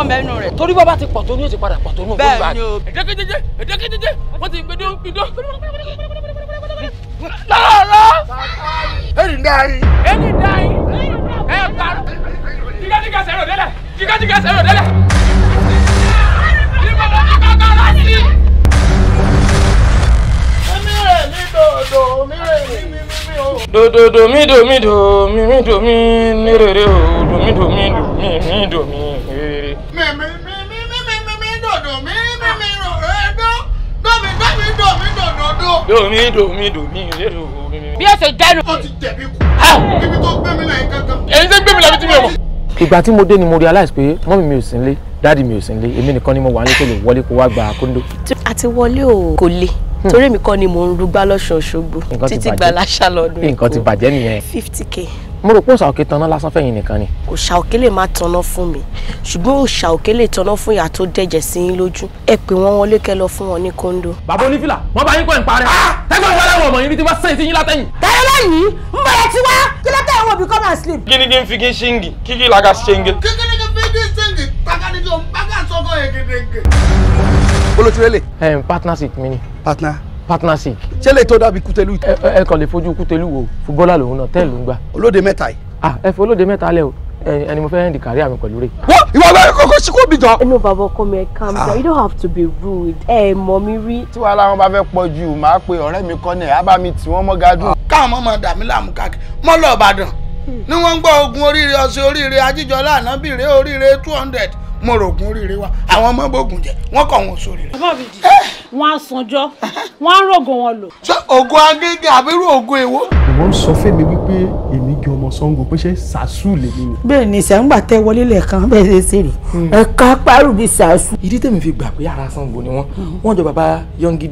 ń rẹ̀. torí bàbá ti pọ̀tó ní o ti padà pọ̀tó ní o. bẹ́ẹ̀ ni o. ẹ̀dẹ́kẹ́jẹjẹ ẹ̀dẹ́kẹ́jẹjẹ wọ́n ti gbẹdọ́ gbẹdọ́. lọ́rọ̀. ẹni dáhìn. ẹni dáhìn. ẹ parọ́. jígájígá sẹ́rò délẹ̀ jígájígá sẹ́rò délẹ̀. ìbọ̀dọ̀ ti kọ́kọ́ lọ sí. ẹni rẹ̀ ní dòdò mi rẹ̀ ní mímí o. domi domi domi domi ní o domi domi domi domi. domi domi domi ṣe domi. bí o ṣe jẹ́nu. ó ti jẹ̀bi kù. ibi tó gbé mi náà yín kankan. èyí tó gbé mi làbí tí mi ò mọ̀. ìgbà tí mo dé ni mo realize pé mọ́mì mi ò sí nílé dáàdì mi ò sí nílé èmi nìkan ni mo wà nílé kó lè wọlé kó wá gba kóńdó. àti wọlé ò kò le hmm. torí mi kọ́ ni mò ń rúgbá lọ́sàn-án ṣogbo títí gbà láṣà lọ́dún. nǹkan ti bàjẹ́ nìyẹn. fifty k mo rò pé òòṣà òkè tanná lásán fẹ̀yìn nìkan ni. òòṣà òkè lè má tanná fún mi ṣùgbọ́n òòṣà òkè lè tanná fún ìyá tó dẹ̀jẹ̀ sí yín lójú ẹ pè wọ́n wọlé kẹ́ lọ fún wọn ní kóńdó. bàbá onífìlà wọn bá yín kọ́ ẹ̀ ń parẹ́. Ah! tẹ́gbọ́n wọlé wọn mọ̀ yín ní tí wọ́n sẹ́yìn sí yín látẹ̀yìn. táyọ̀ lẹ́yìn ń bẹ̀rẹ̀ tiwa kí lọ́tẹ̀ wọn bí come partnership mi ni. partner partnership. ṣé lè tó dàbí kútẹ́lù. ẹ kàn lè fojú kútẹ́lù wo fúbọ́là lòun náà tẹ́ẹ̀ ń gbà. olóde mẹ́ta yìí. ah ẹ fi olóde mẹ́ta lẹ o ẹni mo fẹ́ ẹ̀ndì kárí àmì pẹ̀lú rẹ̀. wọ́n ìwà bẹ́ẹ̀ kókó sí kó jọ. inú bàbá ọkọ mi ẹ calm ah. down you don't have to be rude ẹ mọ mi rí. tí wàhálà wọn bá fẹ́ pọ̀ jù máa pe ọ̀rẹ́ mi kan náà ábá mi tì wọ́n mọ́ gádùn. Ah. káwọn máa dà mí láàmú káàkiri mọ́ lọ́ọ́ hmm. ni wọ́n ń gbọ́ ogun oríire ọ̀sẹ̀ oríire ajíjọlá ànábìrẹ́ oríire two hundred mo rògùn oríire wa àwọn ọmọ bògùn jẹ wọn kọ wọn sórí rẹ. bàbá mi dì eh! wọn á sanjọ wọn á rògùn wọn lò. ṣé oògùn agége àbírú oògùn èwo. wọ́n sọ fẹ́mi wípé èmi jẹ́ ọmọ Ṣàngó pé ṣé sàásù lèmi ni. bẹ́ẹ̀ ni sẹ́ńgbà tẹ wọlé lẹ́ẹ̀kan bẹ́ẹ̀ ṣe ṣe rè hmm. ẹ̀ka pàrọ̀ bíi sàásù. ìdí tèmi fi gbà pé ara Ṣàngó ni wọ́n hmm. wọ́n jọ bàbá yọngi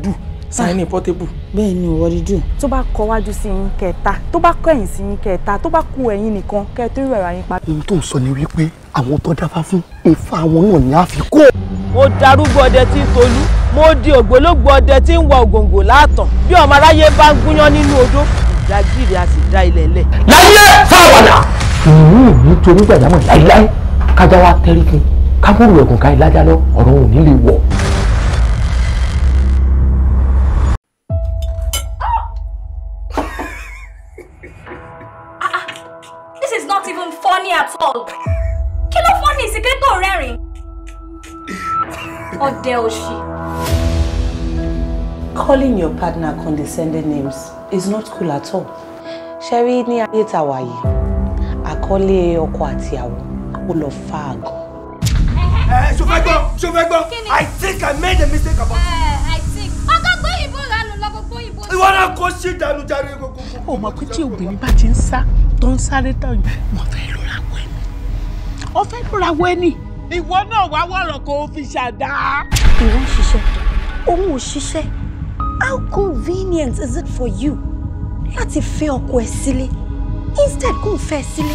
sáyẹnì portable. bẹ́ẹ̀ ni ìwọ dídùn. tó bá kọ wájú sí yín kẹta tó bá kọ ẹ̀yìn sí yín kẹta tó bá kú ẹ̀yìn nìkan kẹ tó rẹ̀ yín pa. ohun tó ń sọ ni wípé àwọn tó dáfá fún ìfà àwọn náà ni a fi kó. mo darúgbó ọdẹ tí ń tolú mo di ògbólógbò ọdẹ tí ń wọ ògòǹgò láàtàn bí ọmọ aráyé bá ń gúnyán nínú odó ìdágìrì a sì dá ilẹ̀ lẹ̀. láyé fáwọnà. ìlú ìlú torí gbàdámọ̀ láíláí kájà wa tẹ́rí kí kábọ̀rù ẹ̀gùn ká ìlàjà lọ ọ̀rọ̀ òní lè calling your partner condescending names is not cool at all. Sherry, ni ayé tá a wà yìí àkọlé ọkọ àtìyàwó ó lọ fa àgọ́. ẹ ẹ ṣọfẹ gbọ́ ṣọfẹ gbọ́ I think I made a mistake about you. I think ọgá gbé ìbò ránu lọ gbogbo ìbò. ìwọ náà kò sí ìdánù jáde gbogbo. ó mọ̀ pé tí obìnrin bá ti ń sá tó ń sáré tán wọn fẹ́ lóra wọ ẹni wọn fẹ́ lóra wọ ẹni. ìwọ náà wá wọ̀rọ̀ kó o fi ṣàdá. ìwọ ń ṣiṣẹ́ òun ò ṣiṣẹ́ how convenient is it for you láti fẹ́ ọkọ ẹ sílé instead kò fẹ́ sílé.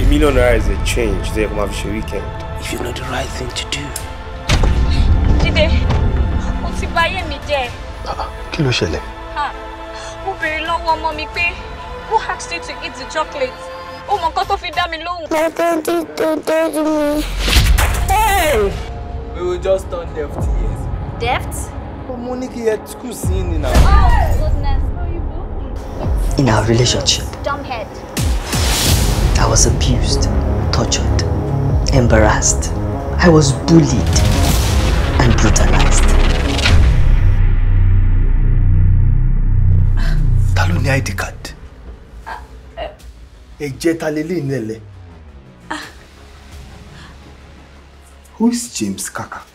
a million naira is a change there kò máa fi weekend. if you know the right thing to do. Jide, o ti bà ayé mi jẹ́. Ah, kí ló ṣẹlẹ̀. Ah, mo béèrè lọ́wọ́ ọmọ mi pé who asked you to eat the chocolate ó mọ nǹkan tó fi dá mi lóhùn. my daddy tó tọ́jú mi. hey we will just turn deaf to ears. deaf. money at cuisine now. Oh, In our relationship. Dumbhead. I was abused, tortured, embarrassed. I was bullied and brutalized. Ta ló ní ID card? Ẹ̀jẹ̀ uh, uh. ta ah. Who is James Kaka?